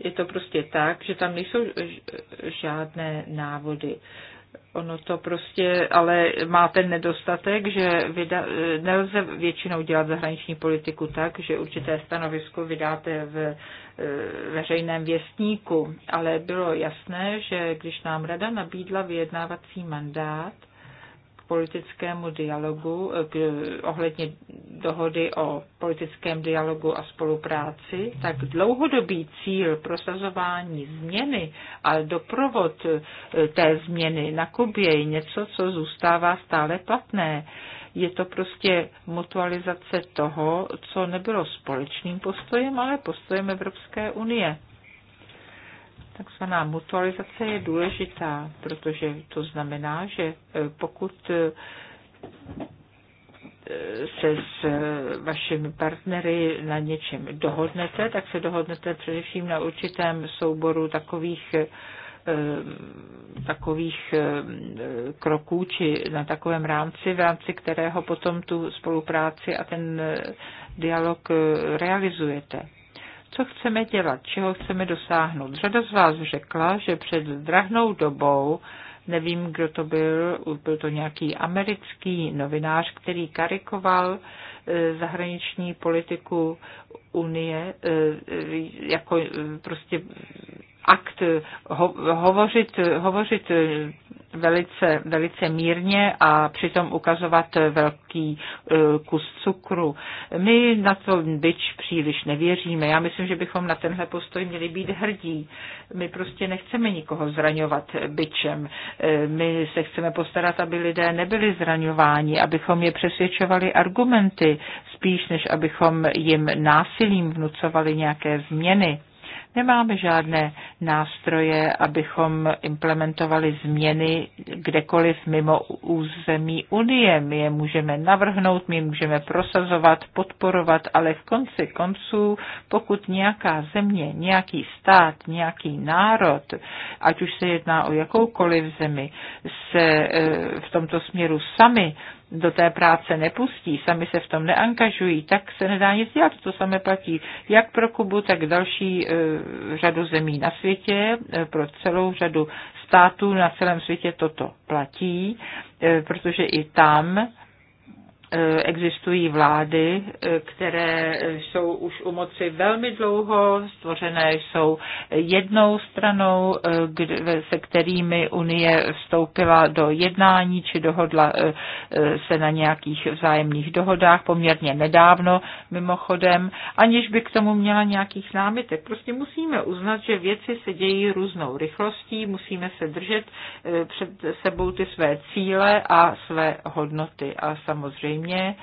je to prostě tak, že tam nejsou žádné návody. Ono to prostě, ale má ten nedostatek, že vyda, nelze většinou dělat zahraniční politiku tak, že určité stanovisko vydáte v e, veřejném věstníku. Ale bylo jasné, že když nám rada nabídla vyjednávací mandát, politickému dialogu, k, ohledně dohody o politickém dialogu a spolupráci, tak dlouhodobý cíl prosazování změny a doprovod e, té změny na Kubě je něco, co zůstává stále platné. Je to prostě mutualizace toho, co nebylo společným postojem, ale postojem Evropské unie. Takzvaná mutualizace je důležitá, protože to znamená, že e, pokud e, se s e, vašimi partnery na něčem dohodnete, tak se dohodnete především na určitém souboru takových takových kroků či na takovém rámci, v rámci kterého potom tu spolupráci a ten dialog realizujete co chceme dělat, čeho chceme dosáhnout. Řada z vás řekla, že před drahnou dobou, nevím, kdo to byl, byl to nějaký americký novinář, který karikoval e, zahraniční politiku Unie e, e, jako prostě akt ho, hovořit, hovořit velice, velice mírně a přitom ukazovat velký eh, kus cukru. My na to byč příliš nevěříme. Já myslím, že bychom na tenhle postoj měli být hrdí. My prostě nechceme nikoho zraňovat byčem. Eh, my se chceme postarat, aby lidé nebyli zraňováni, abychom je přesvědčovali argumenty, spíš než abychom jim násilím vnucovali nějaké změny. Nemáme žádné nástroje, abychom implementovali změny kdekoliv mimo území Unie. My je můžeme navrhnout, my je můžeme prosazovat, podporovat, ale v konci konců, pokud nějaká země, nějaký stát, nějaký národ, ať už se jedná o jakoukoliv zemi, se eh, v tomto směru sami do té práce nepustí, sami se v tom neangažují, tak se nedá nic dělat. To samé platí jak pro Kubu, tak další e, řadu zemí na světě, e, pro celou řadu států na celém světě toto platí, e, protože i tam E, existují vlády, e, které jsou už u moci velmi dlouho, stvořené jsou jednou stranou, e, se kterými Unie vstoupila do jednání či dohodla se na nějakých vzájemných dohodách poměrně nedávno, mimochodem, aniž by k tomu měla nějakých námitek. Prostě musíme uznat, že věci se dějí různou rychlostí, musíme se držet před sebou ty své cíle a své hodnoty a samozřejmě zřejmě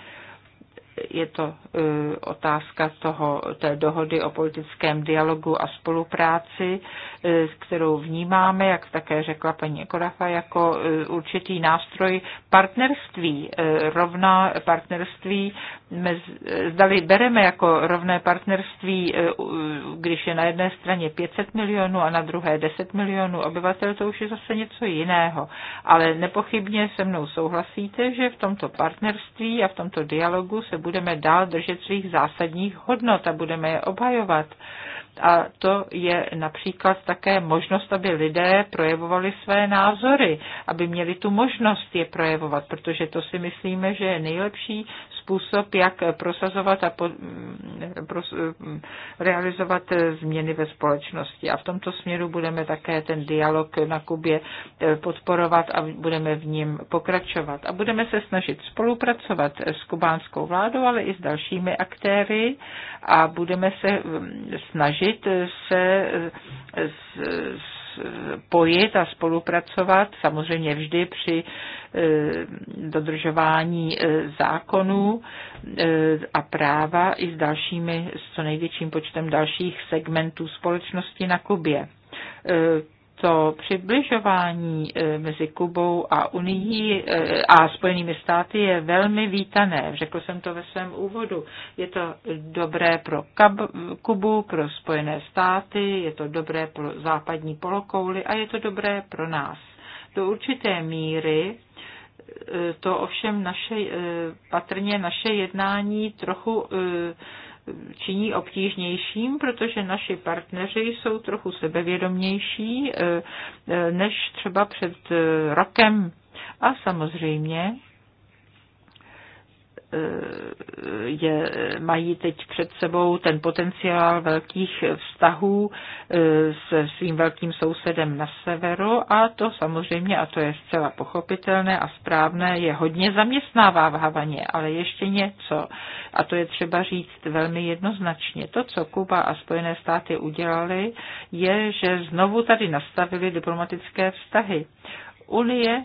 je to e, otázka toho, té dohody o politickém dialogu a spolupráci. E, kterou vnímáme, jak také řekla paní Korafa, jako e, určitý nástroj partnerství, e, rovná partnerství, zdali bereme jako rovné partnerství, když je na jedné straně 500 milionů a na druhé 10 milionů obyvatel, to už je zase něco jiného. Ale nepochybně se mnou souhlasíte, že v tomto partnerství a v tomto dialogu se budeme dál držet svých zásadních hodnot a budeme je obhajovat. A to je například také možnost, aby lidé projevovali své názory, aby měli tu možnost je projevovat, protože to si myslíme, že je nejlepší způsob, jak prosazovat a po, pros, realizovat změny ve společnosti. A v tomto směru budeme také ten dialog na Kubě eh, podporovat a budeme v ním pokračovat. A budeme se snažit spolupracovat s kubánskou vládou, ale i s dalšími aktéry a budeme se mm, snažit se eh, s, s spojit a spolupracovat, samozřejmě vždy při e, dodržování e, zákonů e, a práva i s dalšími, s co největším počtem dalších segmentů společnosti na Kubě to přibližování eh, mezi Kubou a Unii eh, a Spojenými státy je velmi vítané. Řekl jsem to ve svém úvodu. Je to dobré pro Kubu, pro Spojené státy, je to dobré pro západní polokouly a je to dobré pro nás. Do určité míry eh, to ovšem naše, patrně naše jednání trochu činí obtížnějším, protože naši partneři jsou trochu sebevědomější eh, eh, než třeba před eh, rokem. A samozřejmě je, mají teď před sebou ten potenciál velkých vztahů e, se svým velkým sousedem na severu a to samozřejmě, a to je zcela pochopitelné a správné, je hodně zaměstnává v Havaně, ale ještě něco, a to je třeba říct velmi jednoznačně. To, co Kuba a Spojené státy udělali, je, že znovu tady nastavili diplomatické vztahy. Unie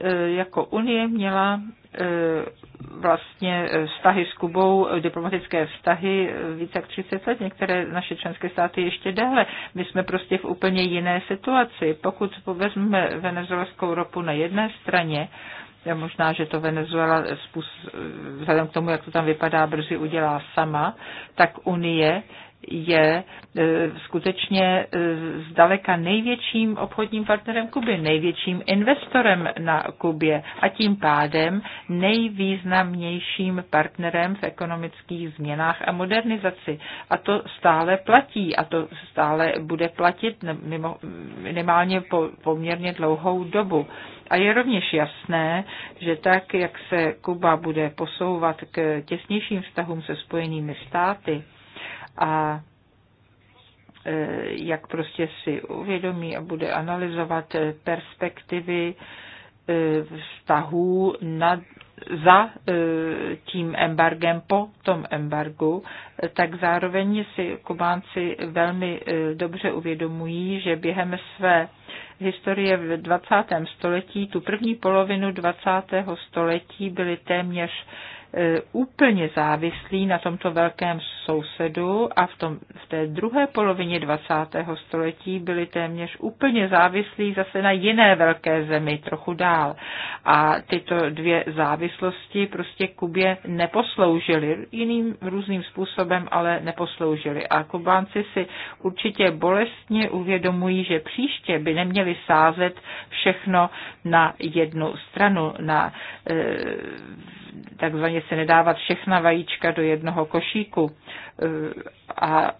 Eh, jako Unie měla eh, vlastně eh, vztahy s Kubou, diplomatické vztahy více jak 30 let, některé naše členské státy ještě déle. My jsme prostě v úplně jiné situaci. Pokud vezmeme venezuelskou ropu na jedné straně, je možná, že to Venezuela vzhledem k tomu, jak to tam vypadá, brzy udělá sama, tak Unie je e, skutečně e, zdaleka největším obchodním partnerem Kuby, největším investorem na Kubě a tím pádem nejvýznamnějším partnerem v ekonomických změnách a modernizaci. A to stále platí a to stále bude platit mimo, minimálně po poměrně dlouhou dobu. A je rovněž jasné, že tak, jak se Kuba bude posouvat k těsnějším vztahům se spojenými státy, a e, jak prostě si uvědomí a bude analyzovat e, perspektivy e, vztahů nad, za tím embargem, po tom embargu, tak zároveň si Kubánci velmi dobře uvědomují, že během své historie v 20. století, tu první polovinu 20. století byli téměř E, úplně závislí na tomto velkém sousedu a v, tom, v té druhé polovině 20. století byli téměř úplně závislí zase na jiné velké zemi, trochu dál. A tyto dvě závislosti prostě Kubě neposloužily, jiným různým způsobem, ale neposloužily. A Kubánci si určitě bolestně uvědomují, že příště by neměli sázet všechno na jednu stranu, na e, takzvaně se nedávat všechna vajíčka do jednoho košíku. E, a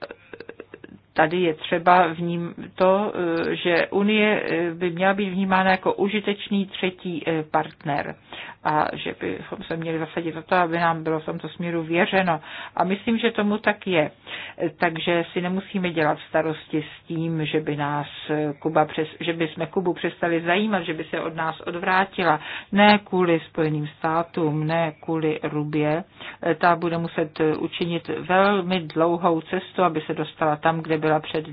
tady je třeba vním to, eh, že Unie eh, by měla být vnímána jako užitečný třetí eh, partner a že bychom se měli zasadit za to, aby nám bylo v tomto směru věřeno. A myslím, že tomu tak je. Takže si nemusíme dělat starosti s tím, že by, nás Kuba přes, že by jsme Kubu přestali zajímat, že by se od nás odvrátila. Ne kvůli Spojeným státům, ne kvůli Rubě. Ta bude muset učinit velmi dlouhou cestu, aby se dostala tam, kde by byla před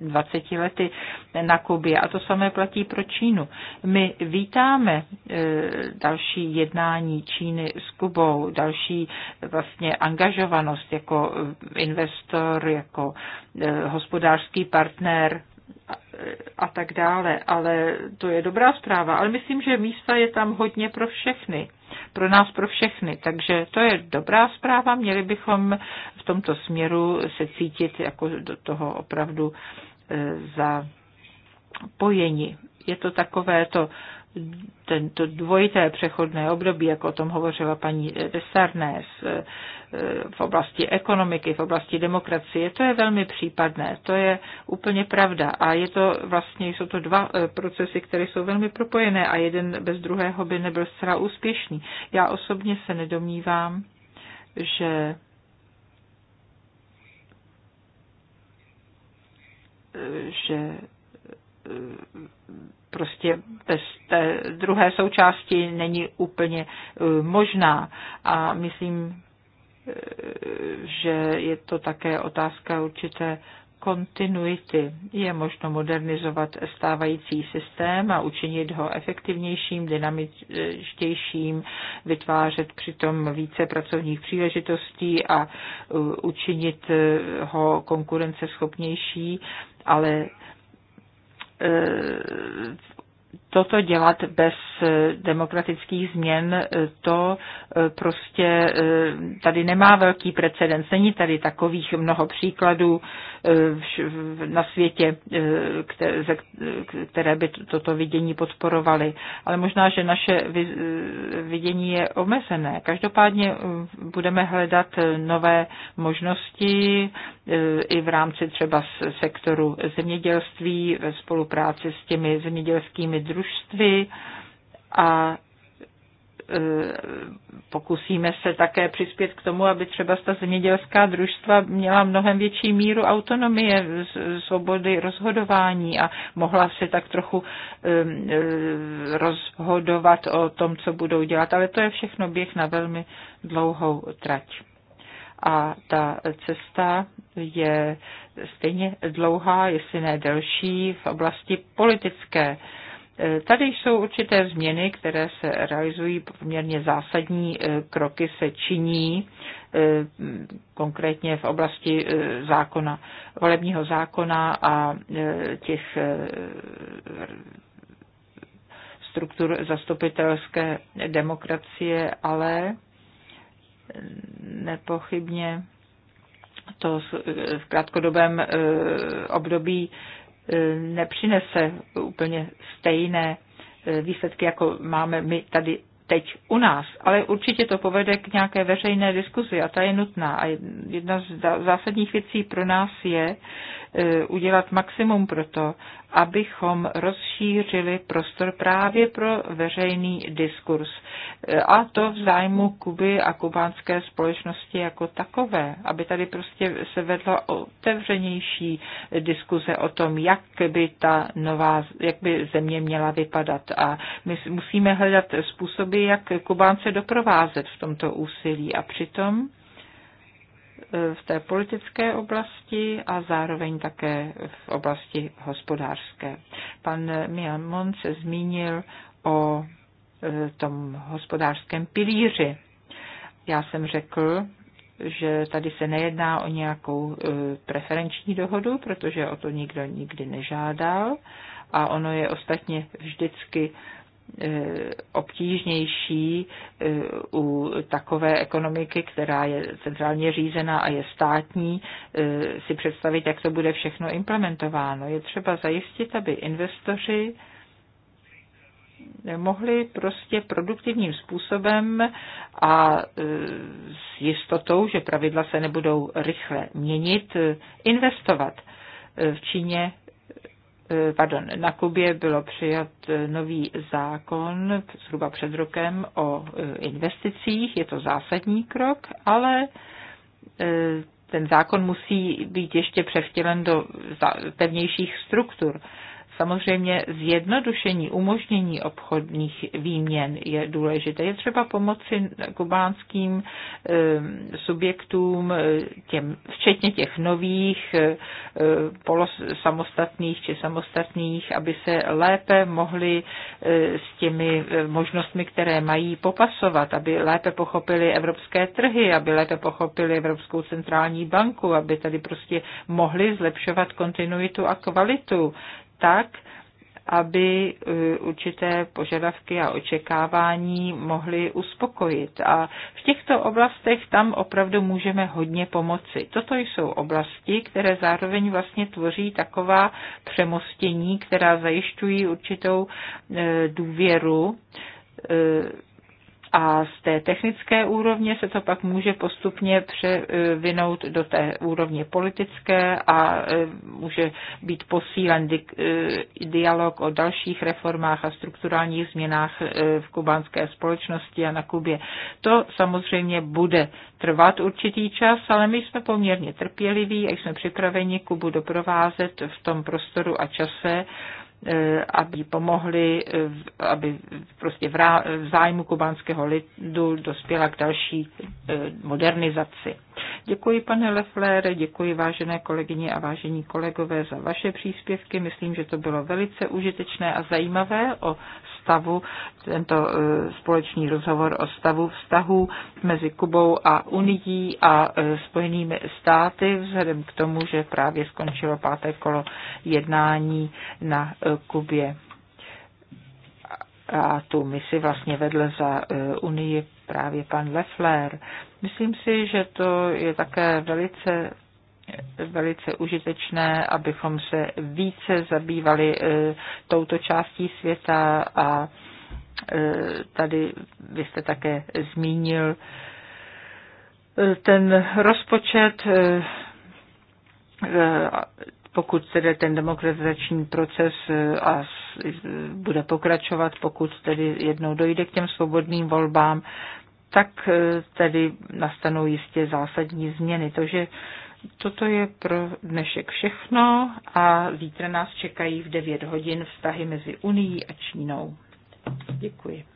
20 lety na Kubě. A to samé platí pro Čínu. My vítáme e, další jednání Číny s Kubou, další e, vlastně angažovanost jako e, investor, jako hospodářský partner a tak dále. Ale to je dobrá zpráva. Ale myslím, že místa je tam hodně pro všechny pro nás, pro všechny. Takže to je dobrá zpráva, měli bychom v tomto směru se cítit jako do toho opravdu e, za pojení. Je to takové to tento dvojité přechodné období, jak o tom hovořila paní Desarnes, e, v oblasti ekonomiky, v oblasti demokracie, to je velmi případné, to je úplně pravda. A je to vlastně, jsou to dva eh, procesy, které jsou velmi propojené a jeden bez druhého by nebyl zcela úspěšný. Já osobně se nedomnívám, že že eh, prostě bez té druhé součásti není úplně eh, možná. A myslím, že je to také otázka určité kontinuity. Je možno modernizovat stávající systém a učinit ho efektivnějším, dynamičtějším, vytvářet přitom více pracovních příležitostí a učinit e, ho konkurenceschopnější, ale e, toto dělat bez eh, demokratických změn, eh, to eh, prostě tady nemá velký precedens. Není tady takových mnoho příkladů na světě, které by toto vidění podporovaly. Ale možná, že naše vidění je omezené. Každopádně budeme hledat nové možnosti i v rámci třeba sektoru zemědělství ve spolupráci s těmi zemědělskými družstvy družství a e, pokusíme se také přispět k tomu, aby třeba ta zemědělská družstva měla mnohem větší míru autonomie, svobody rozhodování a mohla se tak trochu e, rozhodovat o tom, co budou dělat. Ale to je všechno běh na velmi dlouhou trať. A ta cesta je stejně dlouhá, jestli ne delší, v oblasti politické E, tady jsou určité změny, které se realizují, poměrně zásadní e, kroky se činí, e, konkrétně v oblasti zákona, volebního zákona a těch struktur zastupitelské demokracie, ale nepochybně to v krátkodobém období E, nepřinese úplně stejné e, výsledky, jako máme my tady teď u nás, ale určitě to povede k nějaké veřejné diskuzi a ta je nutná. A jedna z zásadních věcí pro nás je, Eh, udělat maximum pro to, abychom rozšířili prostor právě pro veřejný diskurs. Eh, a to v zájmu Kuby a kubánské společnosti jako takové, aby tady prostě se vedla otevřenější diskuze o tom, jak by ta nová, jak by země měla vypadat. A my musíme hledat způsoby, jak Kubánce doprovázet v tomto úsilí. A přitom v té politické oblasti a zároveň také v oblasti hospodářské. Pan Miamon se zmínil o e, tom hospodářském pilíři. Já jsem řekl, že tady se nejedná o nějakou e, preferenční dohodu, protože o to nikdo nikdy nežádal a ono je ostatně vždycky E, obtížnější e, u takové ekonomiky, která je centrálně řízená a je státní, e, si představit, jak to bude všechno implementováno. Je třeba zajistit, aby investoři mohli prostě produktivním způsobem a s jistotou, že pravidla se nebudou rychle měnit, investovat. V Číně Eh, pardon, na Kubě bylo přijat eh, nový zákon zhruba před rokem o eh, investicích. Je to zásadní krok, ale ten zákon musí být ještě převtělen do pevnějších struktur. Samozřejmě zjednodušení, umožnění obchodních výměn je důležité. Je třeba pomoci kubánským eh, subjektům, eh, těm, včetně těch nových, eh, polosamostatných či samostatných, aby se lépe mohli s těmi možnostmi, které mají, popasovat, aby lépe pochopili evropské trhy, aby lépe pochopili Evropskou centrální banku, aby tady prostě mohli zlepšovat kontinuitu a kvalitu tak, aby eh, určité požadavky a očekávání mohly uspokojit. A v těchto oblastech tam opravdu můžeme hodně pomoci. Toto jsou oblasti, které zároveň vlastně tvoří taková přemostění, která zajišťují určitou eh, důvěru eh, a z té technické úrovně se to pak může postupně převinout do té úrovně politické a e, může být posílen e, dialog o dalších reformách a strukturálních změnách e, v kubánské společnosti a na Kubě. To samozřejmě bude trvat určitý čas, ale my jsme poměrně trpěliví a jsme připraveni Kubu doprovázet v tom prostoru a čase, Eh, aby pomohli, eh, aby prostě v zájmu kubánského lidu dospěla k další eh, modernizaci. Děkuji, pane Leflére, děkuji vážené kolegyně a vážení kolegové za vaše příspěvky. Myslím, že to bylo velice užitečné a zajímavé o stavu, tento e, společný rozhovor o stavu vztahů mezi Kubou a Unií a e, Spojenými státy, vzhledem k tomu, že právě skončilo páté kolo jednání na e, Kubě. A tu misi vlastně vedl za Unii právě pan Leffler. Myslím si, že to je také velice velice užitečné, abychom se více zabývali e, touto částí světa a e, tady vy jste také zmínil e, ten rozpočet, pokud tedy ten demokratizační proces a bude pokračovat, pokud tedy jednou dojde k těm svobodným volbám, tak tedy nastanou jistě zásadní změny. To, že toto je pro dnešek všechno a zítra nás čekají v 9 hodin vztahy mezi Unií a Čínou. Děkuji.